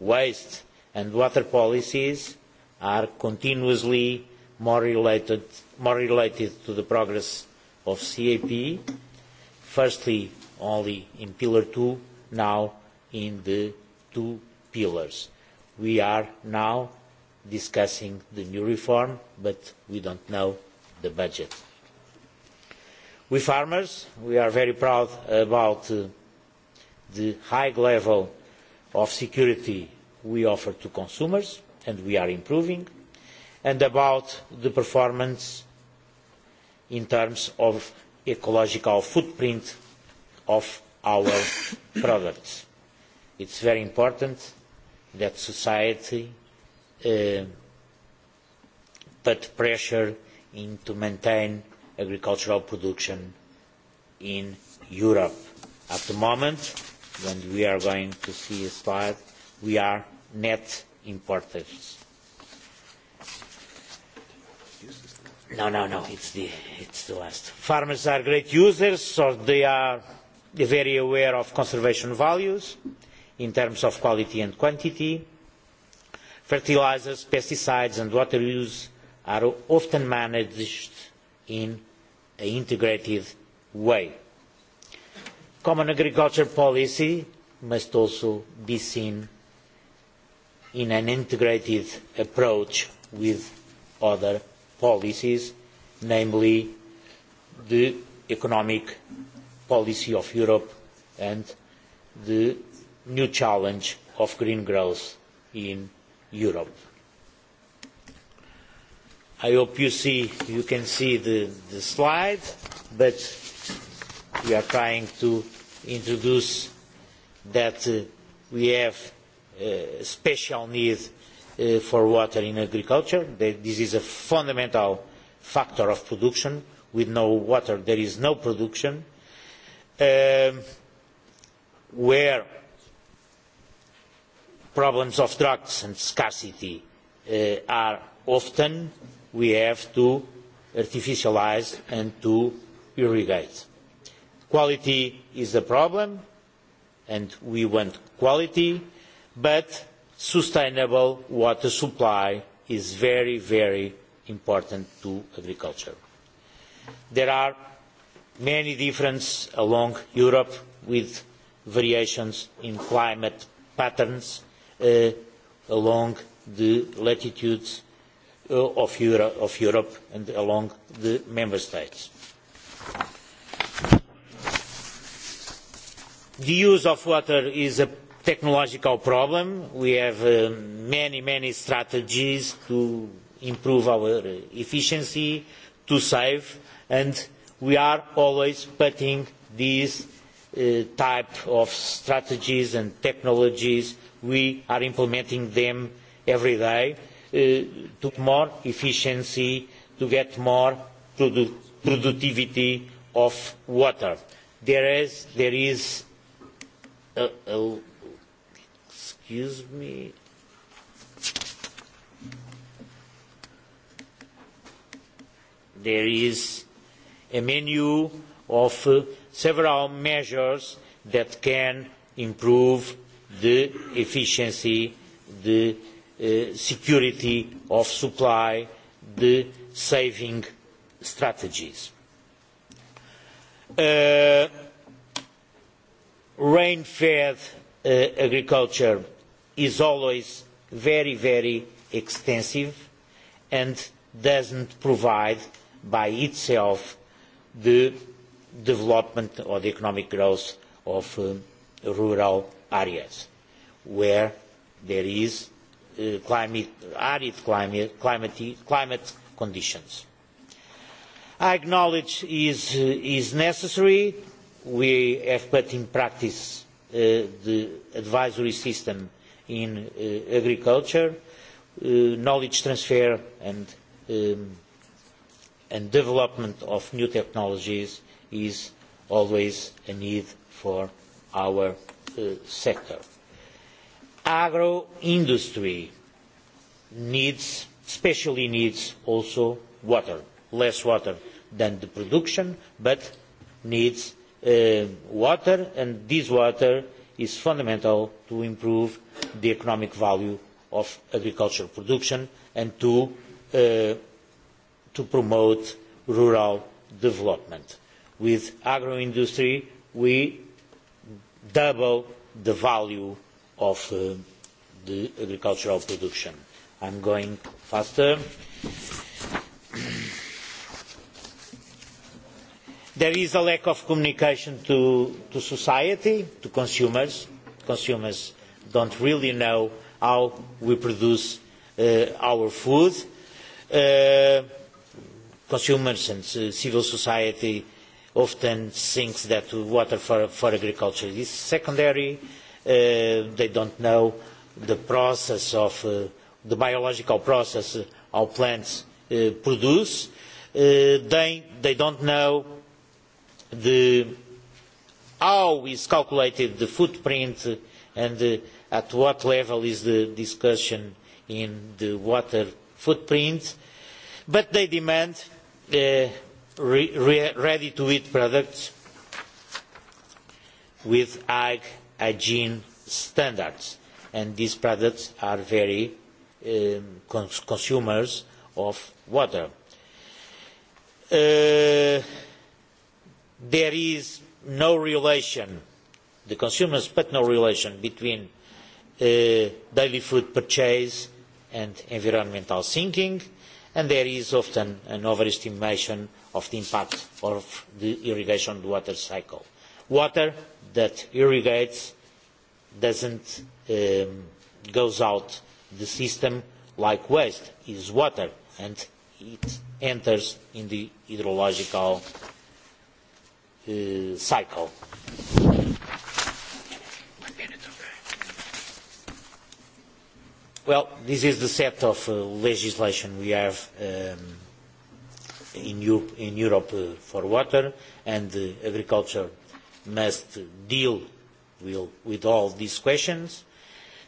waste and water policies are continuously more related, more related to the progress of CAP, firstly only in Pillar two, now in the two pillars. We are now discussing the new reform, but we don't know the budget. We farmers, we are very proud about uh, the high level of security we offer to consumers, and we are improving, and about the performance in terms of ecological footprint of our products. It's very important that society uh, put pressure in to maintain agricultural production in Europe. At the moment, when we are going to see a slide, we are net importers. No, no, no, it's the, it's the last. Farmers are great users, so they are very aware of conservation values in terms of quality and quantity. Fertilisers, pesticides and water use are often managed in an integrated way. Common agriculture policy must also be seen in an integrated approach with other policies, namely the economic policy of Europe and the new challenge of green growth in Europe. I hope you see you can see the, the slide, but we are trying to introduce that uh, we have uh, special need uh, for water in agriculture. That this is a fundamental factor of production. With no water, there is no production Um, where problems of drugs and scarcity uh, are often we have to artificialise and to irrigate. Quality is a problem and we want quality, but sustainable water supply is very, very important to agriculture. There are many differences along Europe with variations in climate patterns uh, along the latitudes uh, of, Euro of Europe and along the member states. The use of water is a technological problem. We have uh, many, many strategies to improve our efficiency, to save, and we are always putting these uh, type of strategies and technologies, we are implementing them every day uh, to more efficiency, to get more produ productivity of water. There is, there is uh, a, a, excuse me, there is a menu of uh, several measures that can improve the efficiency, the uh, security of supply, the saving strategies. Uh, rain-fed uh, agriculture is always very, very extensive and doesn't provide by itself the development or the economic growth of uh, rural areas where there is uh, climate, arid climate, climate, climate conditions. I acknowledge is, uh, is necessary. We have put in practice uh, the advisory system in uh, agriculture, uh, knowledge transfer and um, and development of new technologies is always a need for our uh, sector. Agro-industry needs, especially needs also water, less water than the production, but needs uh, water, and this water is fundamental to improve the economic value of agricultural production and to uh, to promote rural development. With agro industry, we double the value of uh, the agricultural production. I'm going faster. There is a lack of communication to, to society, to consumers. Consumers don't really know how we produce uh, our food. Uh, consumers and uh, civil society often think that water for, for agriculture is secondary. Uh, they don't know the process of uh, the biological process our plants uh, produce. Uh, they, they don't know the, how is calculated the footprint and uh, at what level is the discussion in the water footprint. But they demand ready to eat products with high hygiene standards and these products are very um, cons consumers of water. Uh, there is no relation, the consumers, but no relation between uh, daily food purchase and environmental thinking and there is often an overestimation of the impact of the irrigation water cycle. Water that irrigates doesn't um, goes out the system like waste is water and it enters in the hydrological uh, cycle. Well, this is the set of uh, legislation we have um, in Europe, in Europe uh, for water, and uh, agriculture must deal will, with all these questions.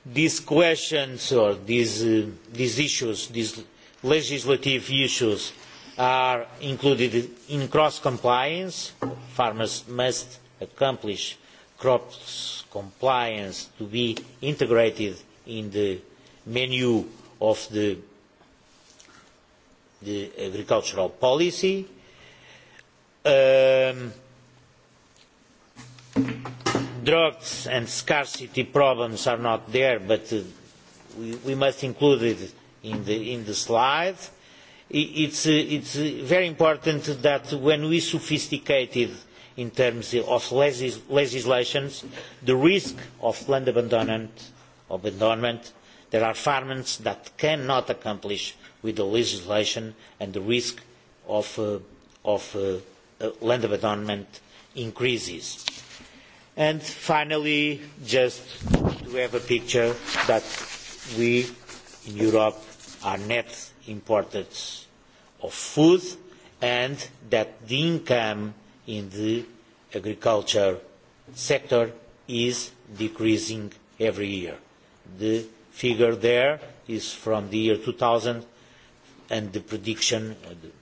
These questions or these, uh, these issues, these legislative issues, are included in cross compliance. Farmers must accomplish crops compliance to be integrated in the menu of the, the agricultural policy. Um, drugs and scarcity problems are not there, but uh, we, we must include it in the, in the slide. It's, uh, it's uh, very important that when we sophisticated in terms of legis legislations, the risk of land abandonment, abandonment There are farmers that cannot accomplish with the legislation and the risk of, uh, of uh, uh, land abandonment increases. And finally, just to have a picture that we in Europe are net importers of food and that the income in the agriculture sector is decreasing every year. The figure there is from the year 2000, and the prediction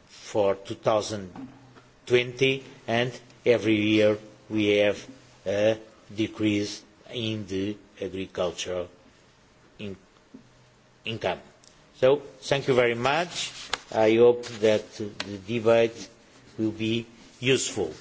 for 2020, and every year we have a decrease in the agricultural in income. So thank you very much. I hope that the debate will be useful.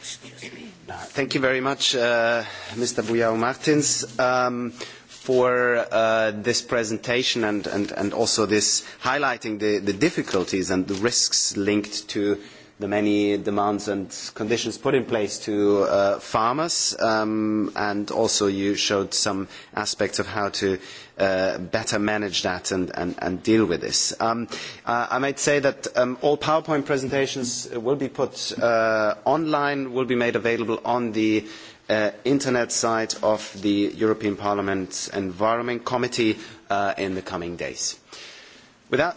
Excuse me. Thank you very much, uh, Mr. Bujao Martins, um, for uh, this presentation and, and, and also this highlighting the, the difficulties and the risks linked to the many demands and conditions put in place to uh, farmers, um, and also you showed some aspects of how to uh, better manage that and, and, and deal with this. Um, uh, I might say that um, all PowerPoint presentations will be put uh, online, will be made available on the Uh, internet site of the European Parliament's Environment Committee uh, in the coming days. With that,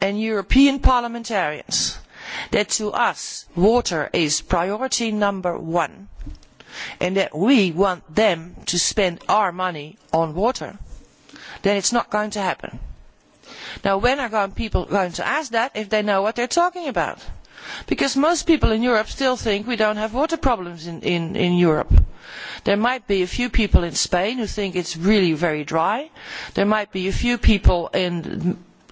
and european parliamentarians that to us water is priority number one and that we want them to spend our money on water then it is not going to happen. Now, when are people going to ask that if they know what they are talking about? Because most people in Europe still think we do not have water problems in, in, in Europe. There might be a few people in Spain who think it is really very dry. There might be a few people in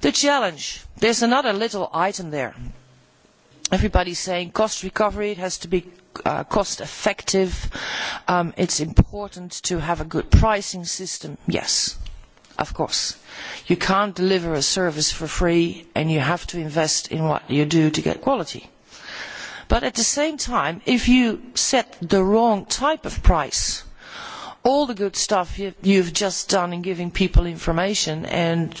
The challenge. There's another little item there. Everybody's saying cost recovery, has to be uh, cost effective. it um, it's important to have a good pricing system. Yes, of course. You can't deliver a service for free and you have to invest in what you do to get quality. But at the same time, if you set the wrong type of price, all the good stuff you, you've just done in giving people information and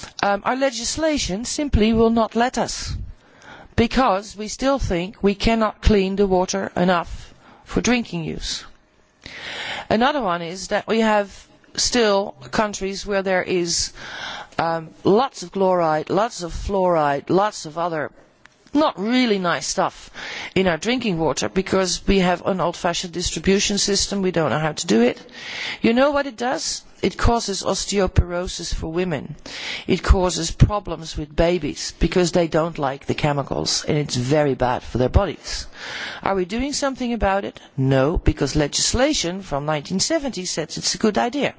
Um, our legislation simply will not let us because we still think we cannot clean the water enough for drinking use. Another one is that we have still countries where there is um, lots of chloride, lots of fluoride, lots of other not really nice stuff in our drinking water because we have an old-fashioned distribution system. We don't know how to do it. You know what it does? It causes osteoporosis for women. It causes problems with babies because they don't like the chemicals and it's very bad for their bodies. Are we doing something about it? No, because legislation from 1970 says it's a good idea.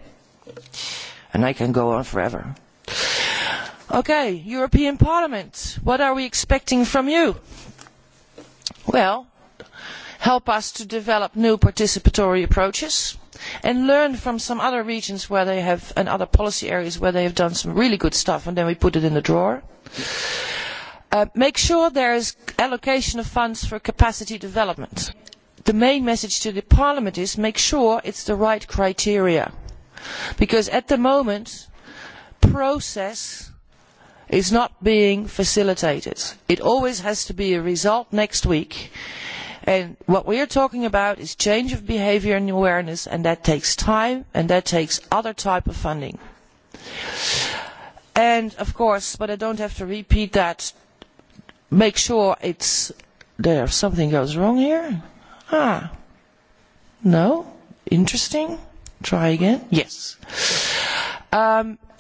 And I can go on forever. Okay, European Parliament, what are we expecting from you? Well, help us to develop new participatory approaches and learn from some other regions where they have, and other policy areas where they have done some really good stuff, and then we put it in the drawer. Uh, make sure there is allocation of funds for capacity development. The main message to the Parliament is make sure it's the right criteria. Because at the moment, process is not being facilitated. It always has to be a result next week And what we are talking about is change of behaviour and awareness, and that takes time, and that takes other type of funding. And of course, but I don't have to repeat that. Make sure it's there. Something goes wrong here. Ah, no, interesting. Try again. Yes. Um,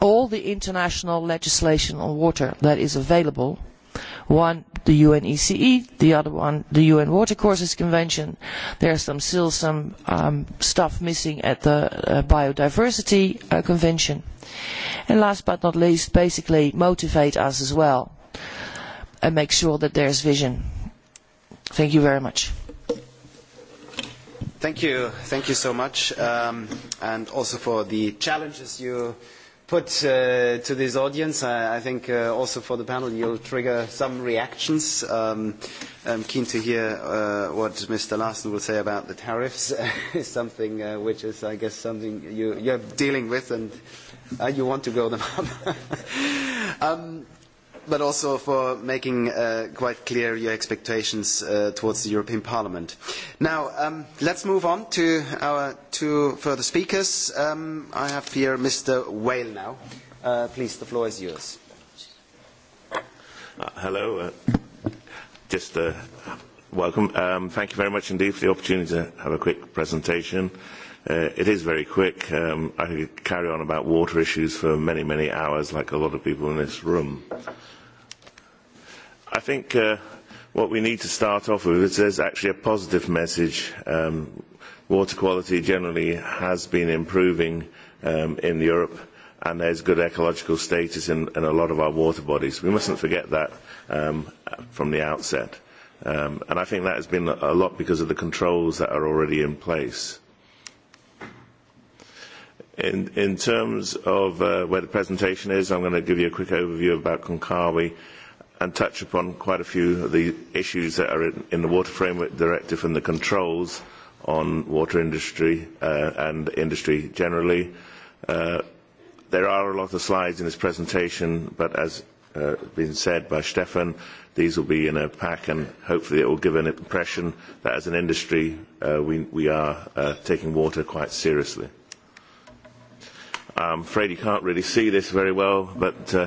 all the international legislation on water that is available one the UN ECE, the other one the UN Watercourses Convention. There some, still some um, stuff missing at the uh, Biodiversity uh, Convention. And last but not least, basically motivate us as well and make sure that there is vision. Thank you very much. Thank you. Thank you so much. Um, and also for the challenges you put uh, to this audience. I, I think uh, also for the panel you'll trigger some reactions. Um, I'm keen to hear uh, what Mr. Larsen will say about the tariffs, something uh, which is, I guess, something you, you're dealing with and uh, you want to go them up. um, but also for making uh, quite clear your expectations uh, towards the European Parliament. Now, um, let's move on to our two further speakers. Um, I have here Mr. Whale now. Uh, please, the floor is yours. Uh, hello. Uh, just uh, welcome. Um, thank you very much indeed for the opportunity to have a quick presentation. Uh, it is very quick. Um, I could carry on about water issues for many, many hours, like a lot of people in this room. I think uh, what we need to start off with is there's actually a positive message. Um, water quality generally has been improving um, in Europe and there's good ecological status in, in a lot of our water bodies. We mustn't forget that um, from the outset. Um, and I think that has been a lot because of the controls that are already in place. In, in terms of uh, where the presentation is, I'm going to give you a quick overview about Konkawi and touch upon quite a few of the issues that are in, in the Water Framework Directive and the controls on water industry uh, and industry generally. Uh, there are a lot of slides in this presentation, but as uh, been said by Stefan, these will be in a pack and hopefully it will give an impression that as an industry uh, we, we are uh, taking water quite seriously. I'm um, afraid you can't really see this very well, but uh,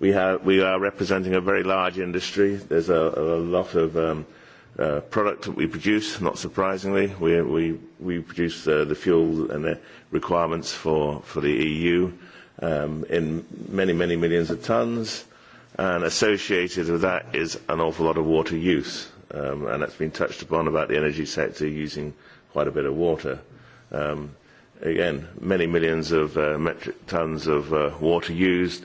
We, have, we are representing a very large industry. There's a, a lot of um, uh, product that we produce, not surprisingly. We, we, we produce uh, the fuel and the requirements for, for the EU um, in many, many millions of tons. And associated with that is an awful lot of water use. Um, and that's been touched upon about the energy sector using quite a bit of water. Um, again, many millions of uh, metric tons of uh, water used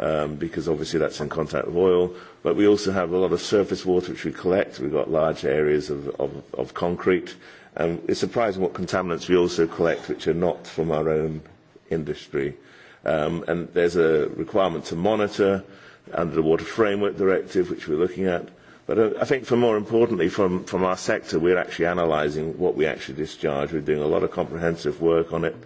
um, because obviously that's in contact with oil. But we also have a lot of surface water which we collect. We've got large areas of, of, of concrete. And um, it's surprising what contaminants we also collect which are not from our own industry. Um, and there's a requirement to monitor under the Water Framework Directive, which we're looking at. But uh, I think for more importantly, from, from our sector, we're actually analysing what we actually discharge. We're doing a lot of comprehensive work on it. Mm-hmm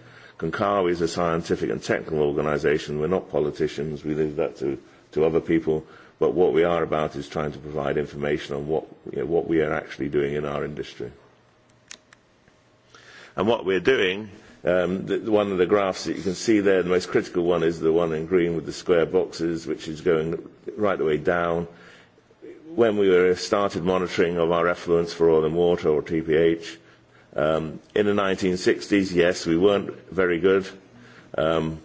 CONCAW is a scientific and technical organisation. We're not politicians. We leave that to, to other people. But what we are about is trying to provide information on what, you know, what we are actually doing in our industry. And what we're doing, um, the, one of the graphs that you can see there, the most critical one is the one in green with the square boxes, which is going right the way down. When we were started monitoring of our effluents for oil and water, or TPH, Um, in the 1960s, yes, we weren't very good, um,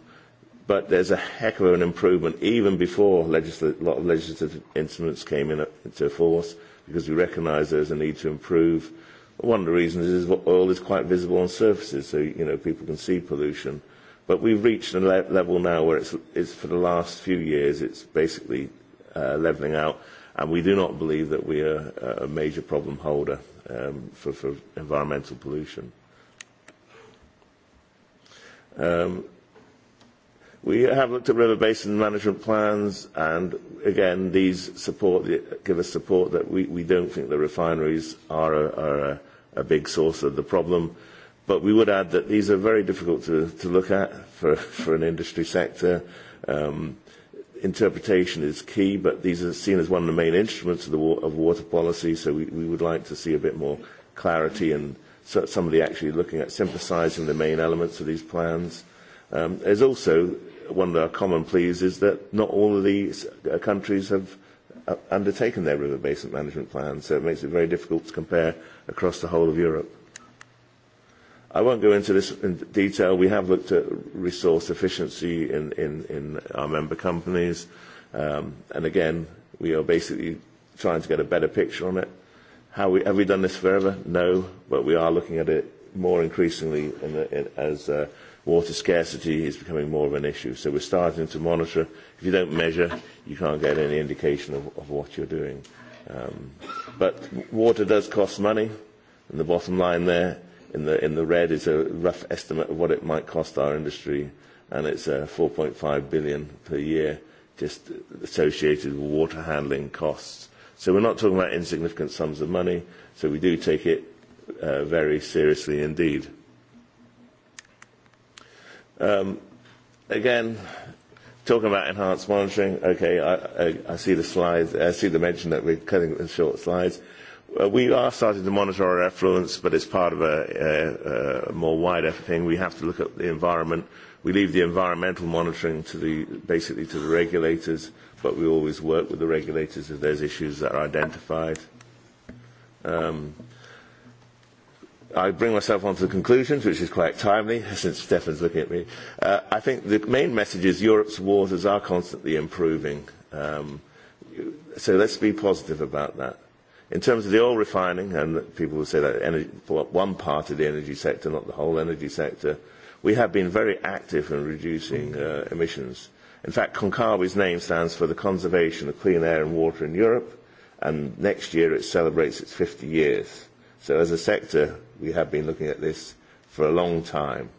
but there's a heck of an improvement even before legisl- a lot of legislative instruments came in, uh, into force because we recognise there's a need to improve. One of the reasons is what oil is quite visible on surfaces, so you know people can see pollution. But we've reached a le- level now where it's, it's for the last few years it's basically uh, levelling out, and we do not believe that we are a major problem holder um, for, for environmental pollution. Um, we have looked at river basin management plans, and again, these support give us support that we, we don't think the refineries are, a, are a, a big source of the problem. But we would add that these are very difficult to, to look at for, for an industry sector. Um, interpretation is key, but these are seen as one of the main instruments of, the wa- of water policy, so we, we would like to see a bit more clarity and so, somebody actually looking at synthesizing the main elements of these plans. Um, there's also one of our common pleas is that not all of these uh, countries have uh, undertaken their river basin management plans, so it makes it very difficult to compare across the whole of Europe. I won't go into this in detail. We have looked at resource efficiency in, our member companies. Um, and again, we are basically trying to get a better picture on it. have we done this forever? No, but we are looking at it more increasingly as uh, water scarcity is becoming more of an issue. So we're starting to monitor. If you don't measure, you can't get any indication of, what you're doing. Um, but water does cost money, and the bottom line there in the in the red is a rough estimate of what it might cost our industry, and it's uh, 4.5 billion per year just associated with water handling costs. So we're not talking about insignificant sums of money. So we do take it uh, very seriously indeed. Um, again, talking about enhanced monitoring. Okay, I, I, I see the slides. I see the mention that we're cutting the short slides. Uh, we are starting to monitor our effluents, but it's part of a, a, a more wider thing. We have to look at the environment. We leave the environmental monitoring to the, basically to the regulators, but we always work with the regulators if there's issues that are identified. Um, I bring myself on to the conclusions, which is quite timely since Stefan's looking at me. Uh, I think the main message is Europe's waters are constantly improving. Um, so let's be positive about that. In terms of the oil refining, and people will say that energy, one part of the energy sector, not the whole energy sector, we have been very active in reducing uh, emissions. In fact, Concave's name stands for the conservation of clean air and water in Europe, and next year it celebrates its 50 years. So as a sector, we have been looking at this for a long time.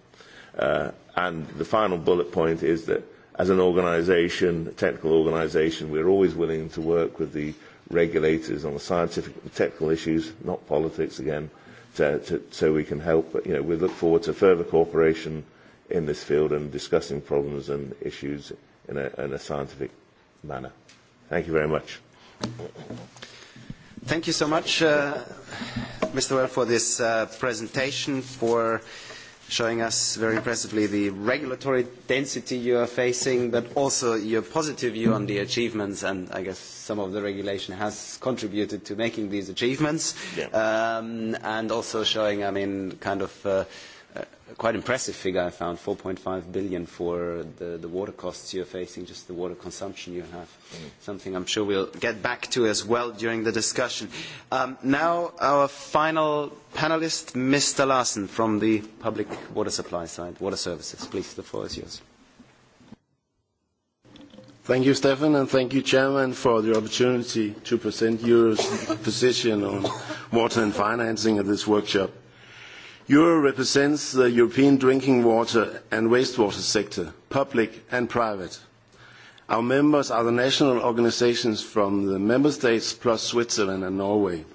Uh, and the final bullet point is that as an organisation, a technical organisation, we're always willing to work with the regulators on the scientific and technical issues, not politics again, to, to, so we can help. But, you know, we look forward to further cooperation in this field and discussing problems and issues in a, in a scientific manner. Thank you very much. Thank you so much, uh, Mr. Well, for this uh, presentation, for showing us very impressively the regulatory density you are facing, but also your positive view on the achievements, and I guess some of the regulation has contributed to making these achievements. Yeah. Um, and also showing, I mean, kind of uh, quite impressive figure I found, 4.5 billion for the, water costs you're facing, just the water consumption you have. Mm. Something I'm sure we'll get back to as well during the discussion. Um, now our final panelist, Mr. Larsen from the public water supply side, water services. Please, the floor is yours. Thank you, Stefan, and thank you, Chairman, for the opportunity to present your position on water and financing at this workshop. Euro represents the European drinking water and wastewater sector, public and private. Our members are the national organizations from the member states plus Switzerland and Norway.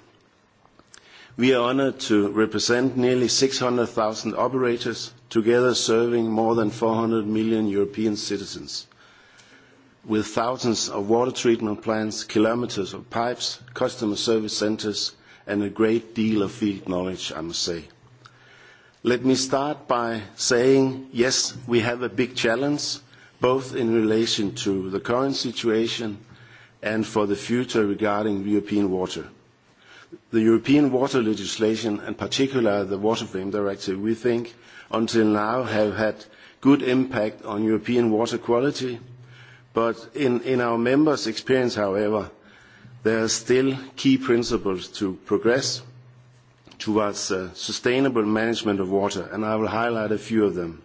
We are honored to represent nearly 600,000 operators, together serving more than 400 million European citizens. With thousands of water treatment plants, kilometers of pipes, customer service centers, and a great deal of field knowledge, I must say. Let me start by saying, yes, we have a big challenge, both in relation to the current situation and for the future regarding European water. The European water legislation, and particular the Water Frame Directive, we think until now have had good impact on European water quality. But in, in our members' experience, however, there are still key principles to progress towards uh, sustainable management of water, and I will highlight a few of them.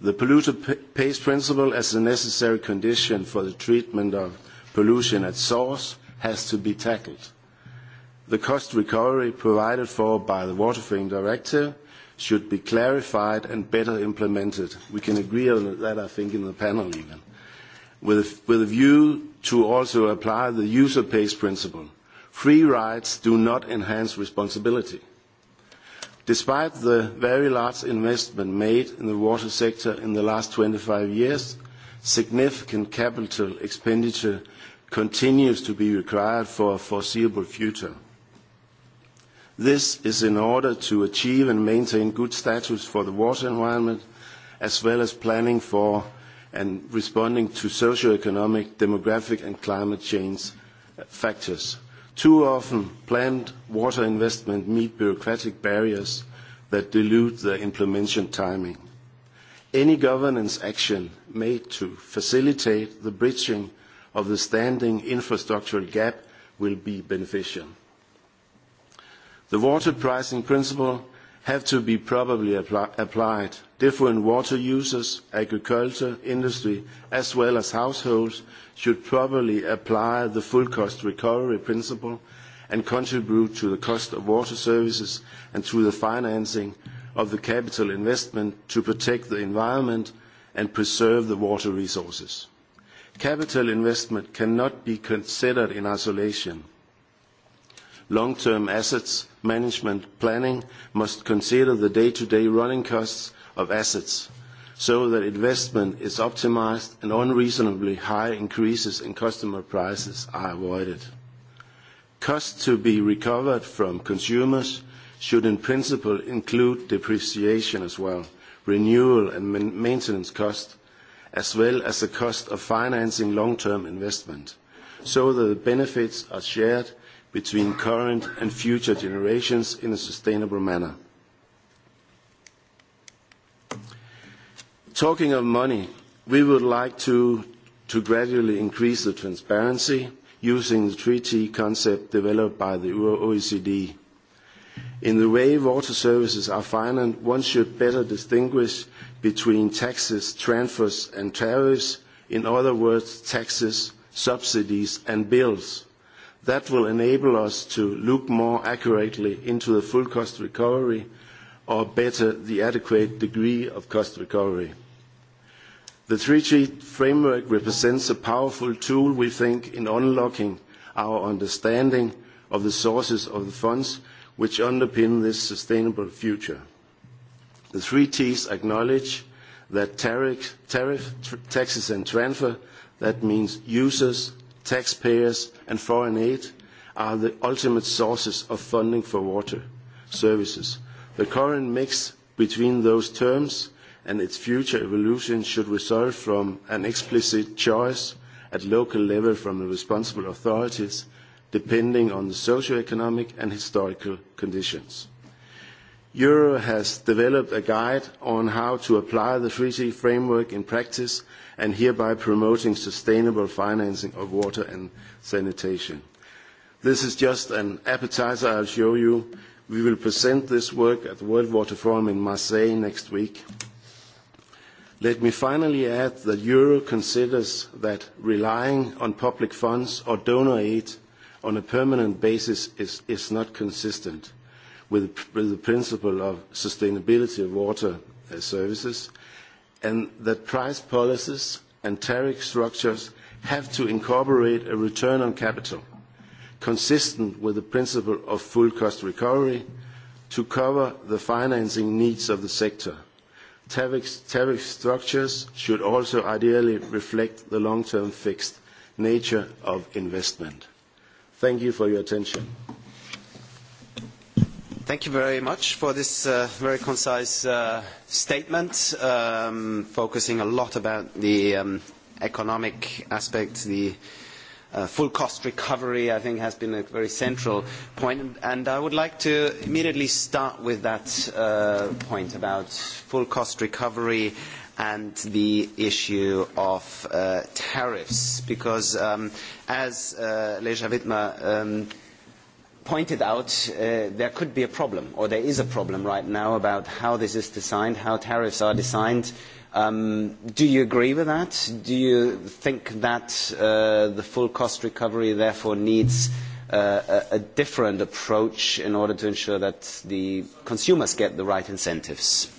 The polluter pays principle as a necessary condition for the treatment of pollution at source has to be tackled. The cost recovery provided for by the Water Frame Directive should be clarified and better implemented. We can agree on that, I think, in the panel even, with, with a view to also apply the user pays principle Free rides do not enhance responsibility. Despite the very large investment made in the water sector in the last 25 years, significant capital expenditure continues to be required for a foreseeable future. This is in order to achieve and maintain good status for the water environment, as well as planning for and responding to socio-economic, demographic, and climate change factors. Too often, planned water investment meet bureaucratic barriers that dilute the implementation timing. Any governance action made to facilitate the bridging of the standing infrastructural gap will be beneficial. The water pricing principle have to be probably apply, applied. Different water users, agriculture, industry, as well as households should probably apply the full cost recovery principle and contribute to the cost of water services and to the financing of the capital investment to protect the environment and preserve the water resources. Capital investment cannot be considered in isolation. Long-term assets management planning must consider the day-to-day running costs of assets so that investment is optimised and unreasonably high increases in customer prices are avoided. Costs to be recovered from consumers should in principle include depreciation as well, renewal and maintenance costs, as well as the cost of financing long-term investment, so that the benefits are shared between current and future generations in a sustainable manner. Talking of money, we would like to, to gradually increase the transparency using the treaty concept developed by the OECD. In the way water services are financed, one should better distinguish between taxes, transfers, and tariffs, in other words, taxes, subsidies, and bills. That will enable us to look more accurately into the full cost recovery or better the adequate degree of cost recovery. The 3 g framework represents a powerful tool, we think, in unlocking our understanding of the sources of the funds which underpin this sustainable future. The 3 Ts acknowledge that tariff taxes and transfer, that means users, taxpayers and foreign aid are the ultimate sources of funding for water services. The current mix between those terms and its future evolution should result from an explicit choice at local level from the responsible authorities, depending on the socio-economic and historical conditions. Euro has developed a guide on how to apply the treaty framework in practice and hereby promoting sustainable financing of water and sanitation. This is just an appetizer I'll show you. We will present this work at the World Water Forum in Marseille next week. Let me finally add that Euro considers that relying on public funds or donor aid on a permanent basis is, is not consistent with, the principle of sustainability of water uh, services, and that price policies and tariff structures have to incorporate a return on capital consistent with the principle of full cost recovery to cover the financing needs of the sector. Tariff, tariff structures should also ideally reflect the long-term fixed nature of investment. Thank you for your attention. Thank you very much for this uh, very concise uh, statement, um, focusing a lot about the um, economic aspects, the uh, full cost recovery, I think, has been a very central point. And I would like to immediately start with that uh, point about full cost recovery and the issue of uh, tariffs, because um, as uh, Leja Wittmer um, pointed out uh, there could be a problem, or there is a problem right now about how this is designed, how tariffs are designed. Um, do you agree with that? Do you think that uh, the full cost recovery therefore needs uh, a, different approach in order to ensure that the consumers get the right incentives?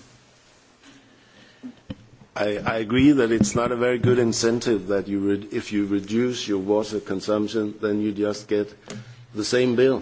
I, agree that it's not a very good incentive that if you reduce your water consumption, then you just get the same bill.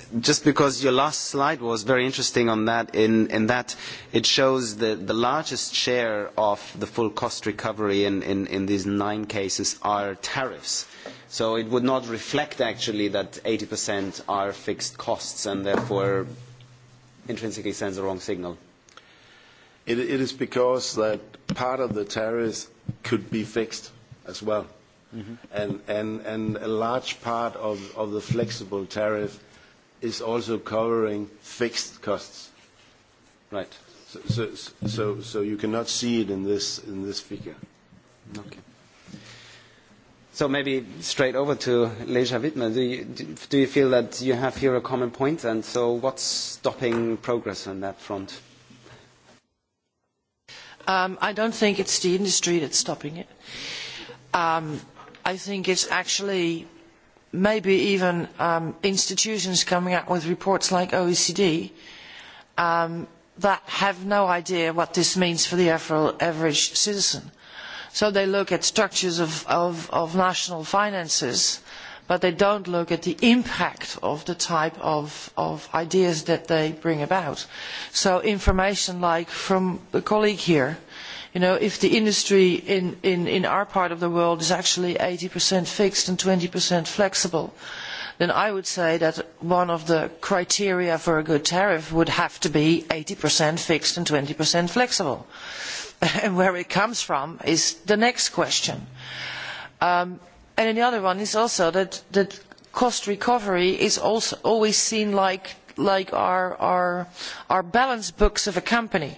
just because your last slide was very interesting on that, in, in that it shows the, the largest share of the full cost recovery in, in, in these nine cases are tariffs. So it would not reflect actually that 80% are fixed costs and therefore intrinsically sends the wrong signal. It, it is because that part of the tariffs could be fixed as well. Mm -hmm. and, and, and a large part of, of the flexible tariff is also covering fixed costs. Right. So, you cannot see it in this, figure. Okay. So maybe straight over to Leja Wittmer. Do you, feel that you have here a common point, and so what's stopping progress on that front? Um, I don't think it's the industry that's stopping it. Um, I think it's actually maybe even um, institutions coming up with reports like OECD um, that have no idea what this means for the average citizen. So they look at structures of, of, of national finances, but they don't look at the impact of the type of, of ideas that they bring about. So information like from the colleague here, if the industry in, in, our part of the world is actually 80% fixed and 20% flexible, then I would say that one of the criteria for a good tariff would have to be 80% fixed and 20% flexible. and where it comes from is the next question. Um, and the other one is also that, that cost recovery is also always seen like, like our, our, our balance books of a company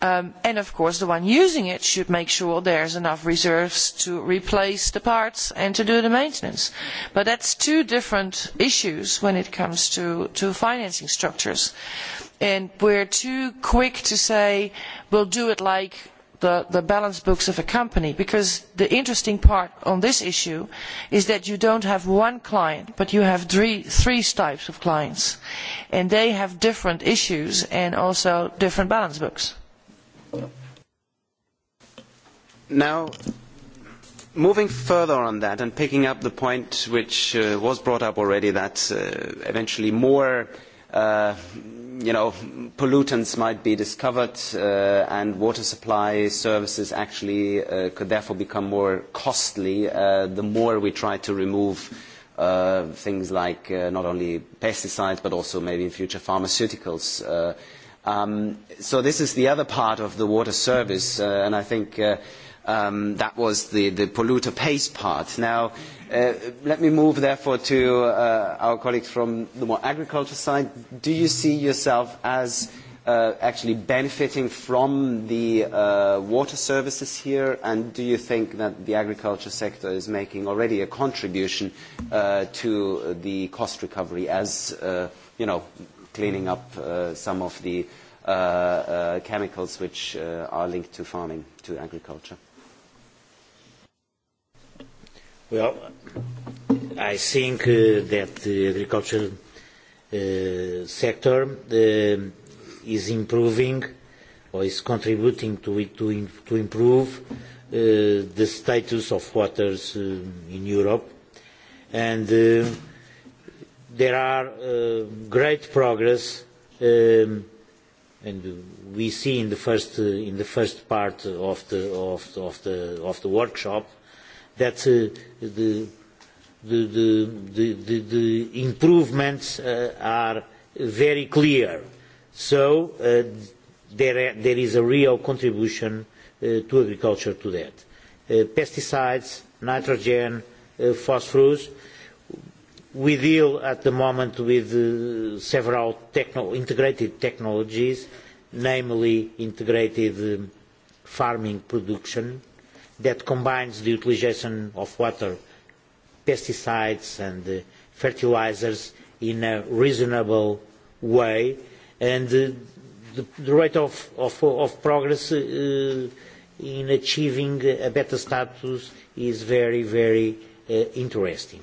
Um, and of course the one using it should make sure there are enough reserves to replace the parts and to do the maintenance. But that is two different issues when it comes to, financing structures. And we are too quick to say we will do it like the, balance books of a company because the interesting part on this issue is that you do not have one client but you have three types of clients and they have different issues and also different balance books. Now, moving further on that and picking up the point which uh, was brought up already that uh, eventually more uh, you know, pollutants might be discovered uh, and water supply services actually uh, could therefore become more costly uh, the more we try to remove things like not only pesticides but also maybe in future pharmaceuticals uh, Um, so this is the other part of the water service, uh, and I think uh, um, that was the, polluter pays part. Now, uh, let me move therefore to our colleagues from the more agriculture side. Do you see yourself as actually benefiting from the water services here, and do you think that the agriculture sector is making already a contribution to the cost recovery as, you know, cleaning up uh, some of the uh, uh, chemicals which are linked to farming, to agriculture? Well, I think that the agriculture sector is improving or is contributing to it to, improve the status of waters um, in Europe. And there are uh, great progress um, and we see in the first uh, in the first part of the of the, of the, of the workshop that uh, the, the, the, the, the improvements uh, are very clear so uh, there there is a real contribution uh, to agriculture to that uh, pesticides nitrogen uh, phosphorus uh, we deal at the moment with uh, several integrated technologies, namely integrated um, farming production that combines the utilisation of water, pesticides and uh, fertilisers in a reasonable way. And uh, the, rate of, of progress in achieving a better status is very, very interesting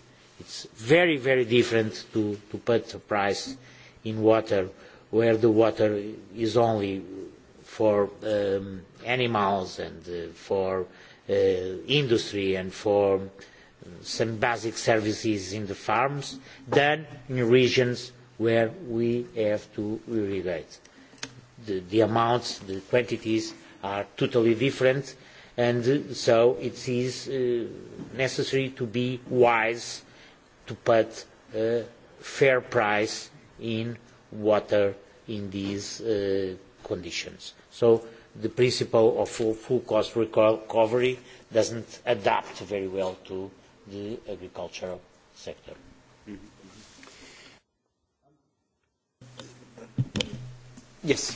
It's very, very different to, to put a price in water where the water is only for um, animals and uh, for uh, industry and for um, some basic services in the farms than in regions where we have to irrigate. The, the amounts, the quantities are totally different and so it is uh, necessary to be wise to put a uh, fair price in water in these uh, conditions. So the principle of full, full cost recovery doesn't adapt very well to the agricultural sector. Yes,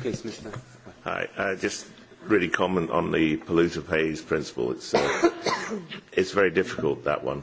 please, Mr. Hi, I uh, just really comment on the polluter pays principle. It's, uh, it's very difficult, that one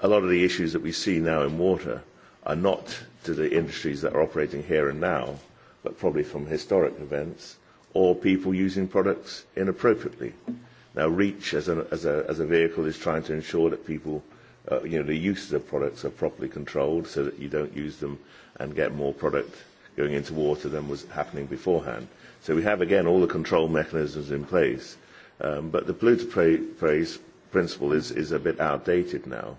a lot of the issues that we see now in water are not to the industries that are operating here and now, but probably from historic events or people using products inappropriately. Now, REACH as a, as a, as a vehicle is trying to ensure that people, uh, you know, the uses of products are properly controlled so that you don't use them and get more product going into water than was happening beforehand. So we have, again, all the control mechanisms in place. Um, but the polluter pays principle is, is a bit outdated now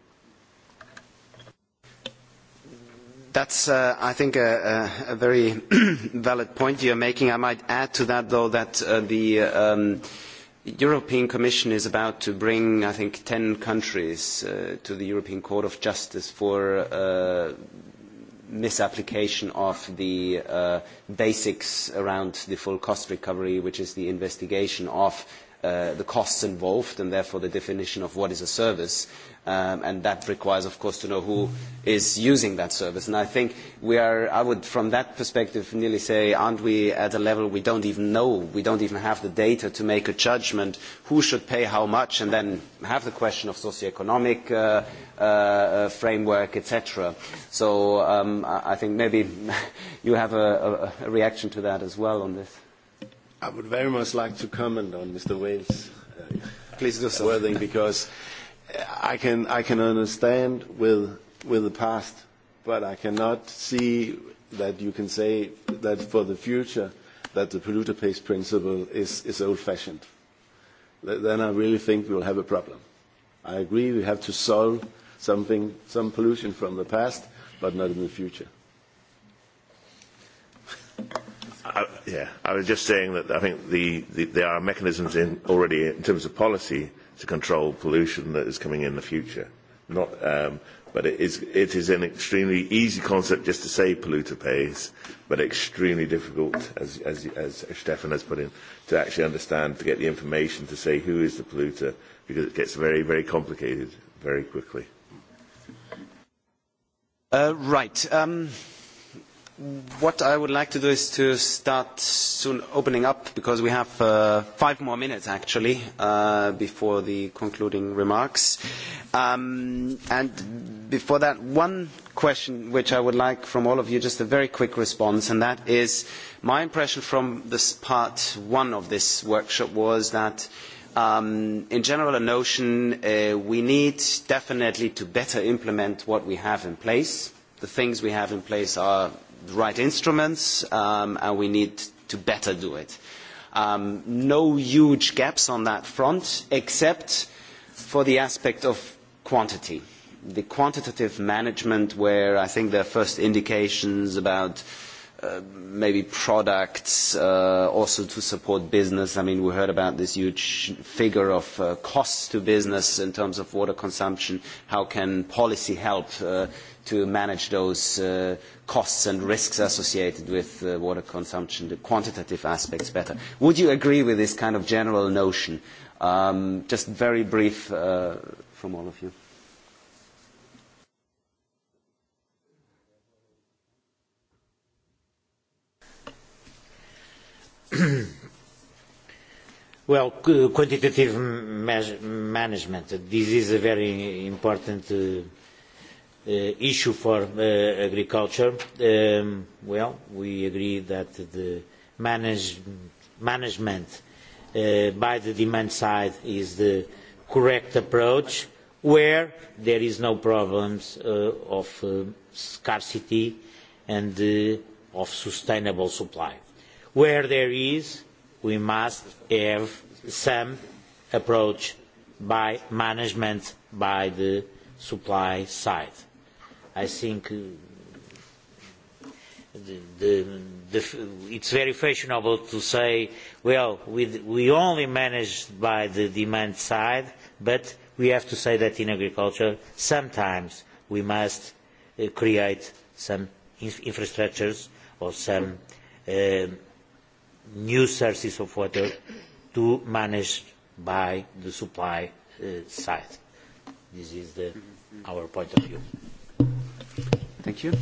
That's, uh, I think, a, a very valid point you're making. I might add to that, though, that uh, the um, European Commission is about to bring, I think, 10 countries uh, to the European Court of Justice for uh, misapplication of the uh, basics around the full cost recovery, which is the investigation of uh, the costs involved and therefore the definition of what is a service Um, and that requires, of course, to know who is using that service. And I think we are, I would, from that perspective, nearly say, aren't we at a level we don't even know, we don't even have the data to make a judgment who should pay how much, and then have the question of socioeconomic uh, uh, uh framework, etc. So um, I think maybe you have a, reaction to that as well on this. I would very much like to comment on Mr. Wales' uh, please do so. wording because I can I can understand with with the past, but I cannot see that you can say that for the future that the polluter pays principle is, is old-fashioned. Then I really think we will have a problem. I agree we have to solve something, some pollution from the past, but not in the future. I, yeah, I was just saying that I think the, the, there are mechanisms in already in terms of policy to control pollution that is coming in the future. Not, um, but it is, it is an extremely easy concept just to say polluter pays, but extremely difficult, as, as, as Stefan has put in, to actually understand, to get the information to say who is the polluter, because it gets very, very complicated very quickly. Uh, right. Um what I would like to do is to start soon opening up because we have uh, five more minutes actually uh, before the concluding remarks. Um, and before that, one question which I would like from all of you, just a very quick response, and that is my impression from this part one of this workshop was that um, in general a notion uh, we need definitely to better implement what we have in place. The things we have in place are the right instruments, um, and we need to better do it. Um, no huge gaps on that front, except for the aspect of quantity. The quantitative management, where I think there are first indications about uh, maybe products uh, also to support business. I mean, we heard about this huge figure of uh, costs to business in terms of water consumption. How can policy help? Uh, to manage those uh, costs and risks associated with uh, water consumption, the quantitative aspects better. Would you agree with this kind of general notion? Um, just very brief uh, from all of you. well, quantitative management, this is a very important uh, Uh, issue for uh, agriculture, um, well, we agree that the manage, management uh, by the demand side is the correct approach where there is no problems uh, of uh, scarcity and uh, of sustainable supply. Where there is, we must have some approach by management by the supply side I think uh, the, the, the, it's very fashionable to say, well, we, we only manage by the demand side, but we have to say that in agriculture sometimes we must uh, create some infrastructures or some uh, new sources of water to manage by the supply uh, side. This is the, our point of view. Thank you.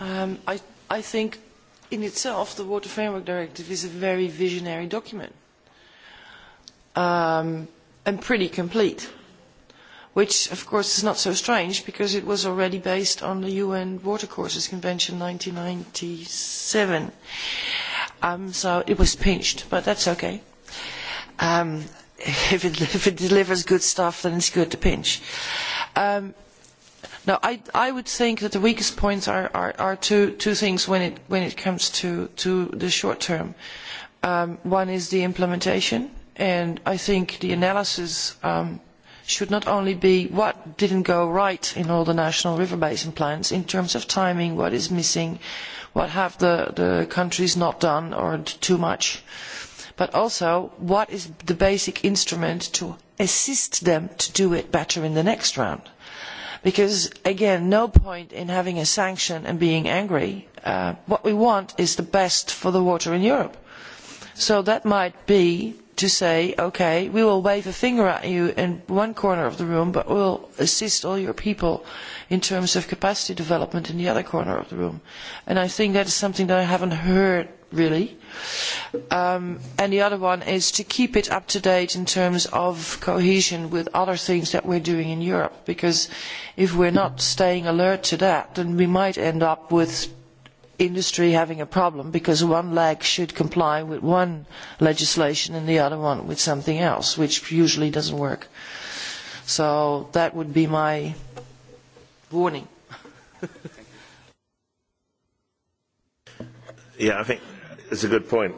Um, I, I think in itself the Water Framework Directive is a very visionary document um, and pretty complete, which of course is not so strange because it was already based on the UN Water Courses Convention 1997. Um, so it was pinched, but that's okay. Um, if, it, if it delivers good stuff, then it's good to pinch. Um, Now, I, I would think that the weakest points are, are, are two, two things when it, when it comes to, to the short term. Um, one is the implementation, and I think the analysis um, should not only be what didn't go right in all the national river basin plans in terms of timing, what is missing, what have the, the countries not done or too much, but also what is the basic instrument to assist them to do it better in the next round because again no point in having a sanction and being angry uh, what we want is the best for the water in europe so that might be to say, okay, we will wave a finger at you in one corner of the room, but we'll assist all your people in terms of capacity development in the other corner of the room. And I think that is something that I haven't heard really. Um, and the other one is to keep it up to date in terms of cohesion with other things that we're doing in Europe, because if we're not staying alert to that, then we might end up with industry having a problem because one leg should comply with one legislation and the other one with something else, which usually doesn't work. So that would be my warning. yeah, I think it's a good point.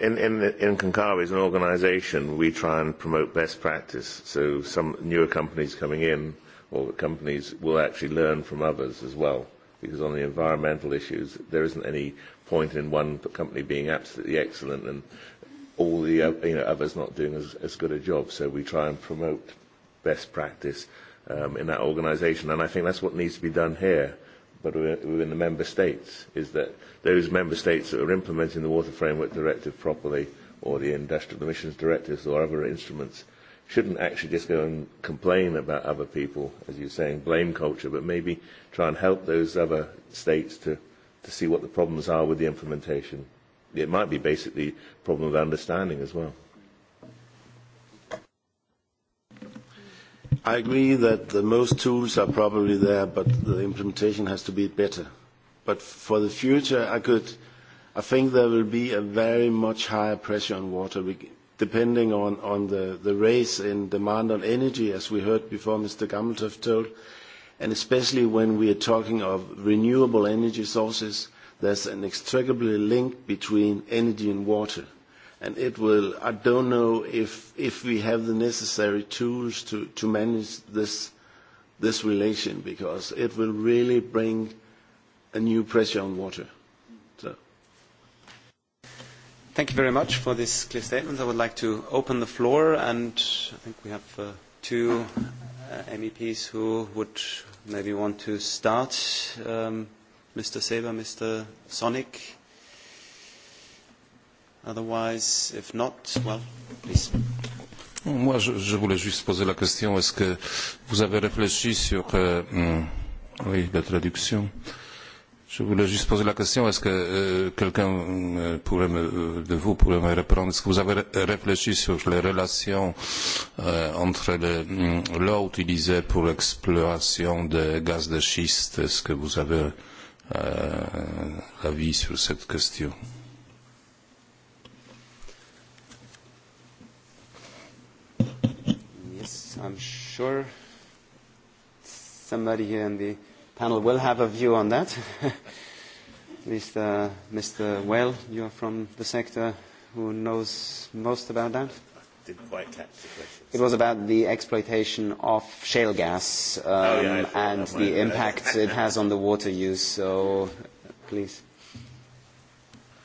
In, in, in Concavi, as an organisation, we try and promote best practice. So some newer companies coming in or companies will actually learn from others as well because on the environmental issues, there isn't any point in one company being absolutely excellent and all the uh, you know, others not doing as, as good a job. So we try and promote best practice um, in that organisation, and I think that's what needs to be done here. But within the member states, is that those member states that are implementing the Water Framework Directive properly, or the Industrial Emissions Directives, or other instruments, shouldn't actually just go and complain about other people, as you're saying, blame culture, but maybe try and help those other states to, to see what the problems are with the implementation. It might be basically a problem of understanding as well. I agree that the most tools are probably there, but the implementation has to be better. But for the future, I could, I think there will be a very much higher pressure on water depending on, the, race in demand on energy, as we heard before Mr. Gammeltoft told, and especially when we are talking of renewable energy sources, there's an inextricably link between energy and water. And it will, I don't know if, we have the necessary tools to, manage this relation, because it will really bring a new pressure on water. Thank you very much for this clear statement. I would like to open the floor, and I think we have uh, two uh, MEPs who would maybe want to start. Um, Mr. Saber, Mr. Sonic. Otherwise, if not, well, please. Moi, je, je voulais juste poser la question. Est-ce que vous avez réfléchi sur... Euh, hmm, oui, la traduction. Euh, Je voulais juste poser la question, est-ce que euh, quelqu'un euh, euh de vous pourrait me répondre Est-ce que vous avez réfléchi sur les relations euh, entre mm, l'eau utilisée pour l'exploration des gaz de schiste Est-ce que vous avez euh, avis sur cette question Yes, I'm sure somebody here in the panel will have a view on that. Uh, Mr. Mr. Well, you are from the sector who knows most about that. I didn't quite catch the question. It was about the exploitation of shale gas um, oh, yeah, um, and the impact it has on the water use. So, please.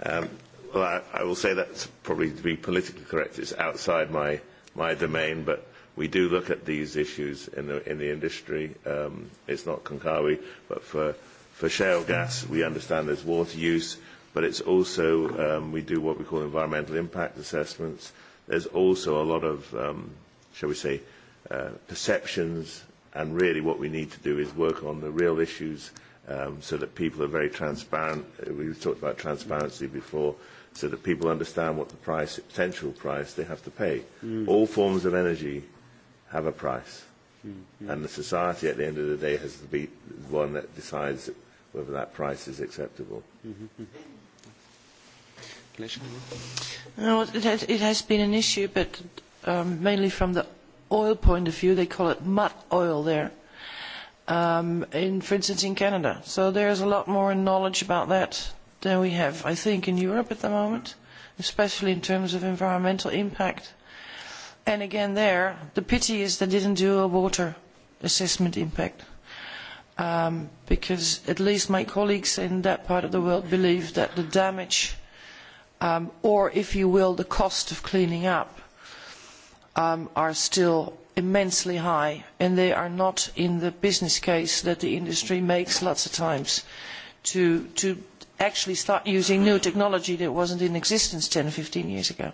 Um, well, I, I will say that's probably to be politically correct. It's outside my, my domain, but we do look at these issues in the, in the industry. Um, it's not Konkawi, but for, for shale gas, we understand there's water use, but it's also, um, we do what we call environmental impact assessments. There's also a lot of, um, shall we say, uh, perceptions, and really what we need to do is work on the real issues um, so that people are very transparent. We've talked about transparency before so that people understand what the price, potential price they have to pay. Mm. All forms of energy have a price. Mm-hmm. And the society at the end of the day has to be the one that decides whether that price is acceptable. Mm-hmm. No, it has, it has been an issue, but um, mainly from the oil point of view, they call it mud oil there. Um, in, for instance, in Canada. So there's a lot more knowledge about that than we have, I think, in Europe at the moment, especially in terms of environmental impact And again there, the pity is they didn't do a water assessment impact. Um, because at least my colleagues in that part of the world believe that the damage, um, or if you will, the cost of cleaning up, um, are still immensely high, and they are not in the business case that the industry makes lots of times to, to actually start using new technology that wasn't in existence 10 or 15 years ago.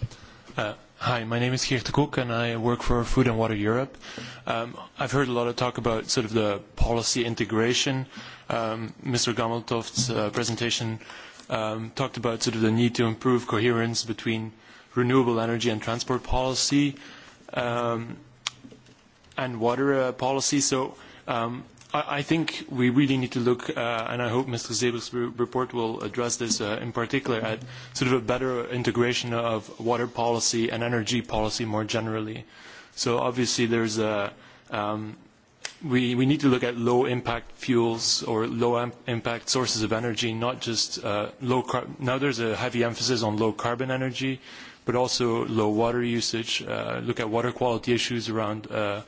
Uh, hi, my name is Geert de Koek and I work for Food and Water Europe. Um, I've heard a lot of talk about sort of the policy integration. Um, Mr. Gameltoft's uh, presentation um, talked about sort of the need to improve coherence between renewable energy and transport policy um, and water uh, policy. So um, I think we really need to look, uh, and I hope Mr. Zeber's report will address this uh, in particular, at sort of a better integration of water policy and energy policy more generally. So obviously there's a, um, we, we need to look at low impact fuels or low impact sources of energy, not just uh, low carbon. Now there's a heavy emphasis on low carbon energy, but also low water usage, uh, look at water quality issues around uh,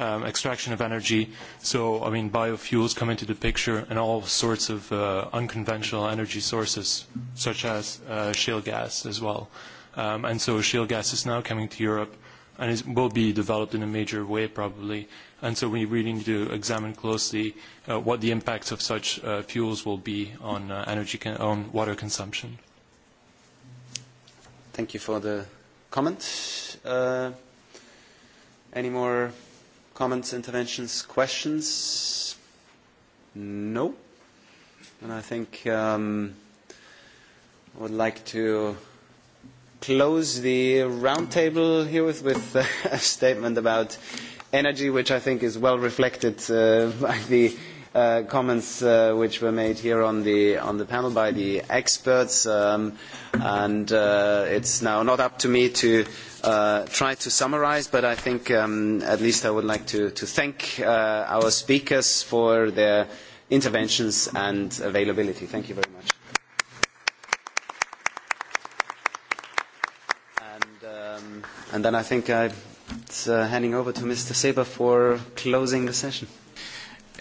um, extraction of energy. So, I mean, biofuels come into the picture and all sorts of uh, unconventional energy sources, such as uh, shale gas as well. Um, and so shale gas is now coming to Europe and it will be developed in a major way probably. And so we really need to examine closely uh, what the impacts of such uh, fuels will be on, uh, energy con on water consumption. Thank you for the comment. Uh, any more Comments, interventions, questions? No. And I think um, I would like to close the roundtable here with, with a statement about energy, which I think is well reflected uh, by the uh, comments uh, which were made here on the on the panel by the experts. Um, and uh, it's now not up to me to Uh, try to summarize, but I think um, at least I would like to, to thank uh, our speakers for their interventions and availability. Thank you very much. And, um, and then I think I'm uh, handing over to Mr. Seba for closing the session.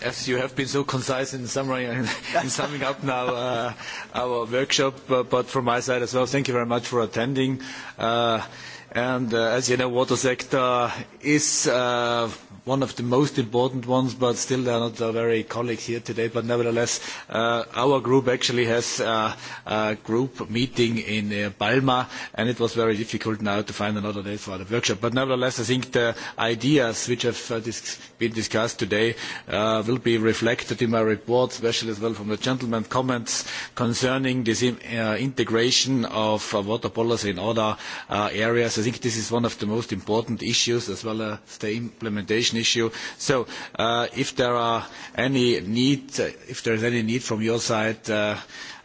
As you have been so concise in summary in summing up now uh, our workshop, uh, but from my side as well, thank you very much for attending. Uh, And uh, as you know, water sector is uh, one of the most important ones, but still they are not uh, very colleagues here today. But nevertheless, uh, our group actually has uh, a group meeting in uh, Palma, and it was very difficult now to find another day for the workshop. But nevertheless, I think the ideas which have uh, dis been discussed today uh, will be reflected in my report, especially as well from the gentleman's comments concerning this in, uh, integration of uh, water policy in other uh, areas. I think this is one of the most important issues, as well as the implementation issue. So uh, if there are any need, uh, if there is any need from your side, uh,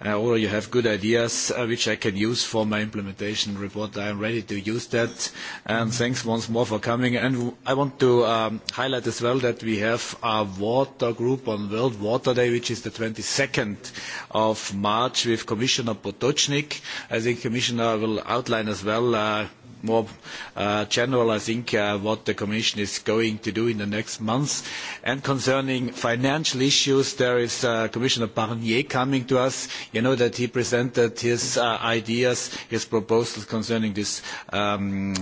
or you have good ideas which I can use for my implementation report, I am ready to use that. And thanks once more for coming. And I want to um, highlight as well that we have a water group on World Water Day, which is the 22nd of March with Commissioner Potocznik. I think Commissioner will outline as well more uh, general, I think uh, what the Commission is going to do in the next months. And concerning financial issues, there is uh, Commissioner Barnier coming to us. You know that he presented his ideas, his proposals concerning this um,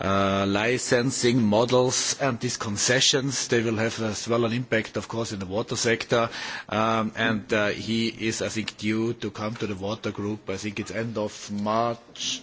licensing models and these concessions. They will have as well an impact, of course, in the water sector. Um, and he is, I think, due to come to the water group. I think it's end of March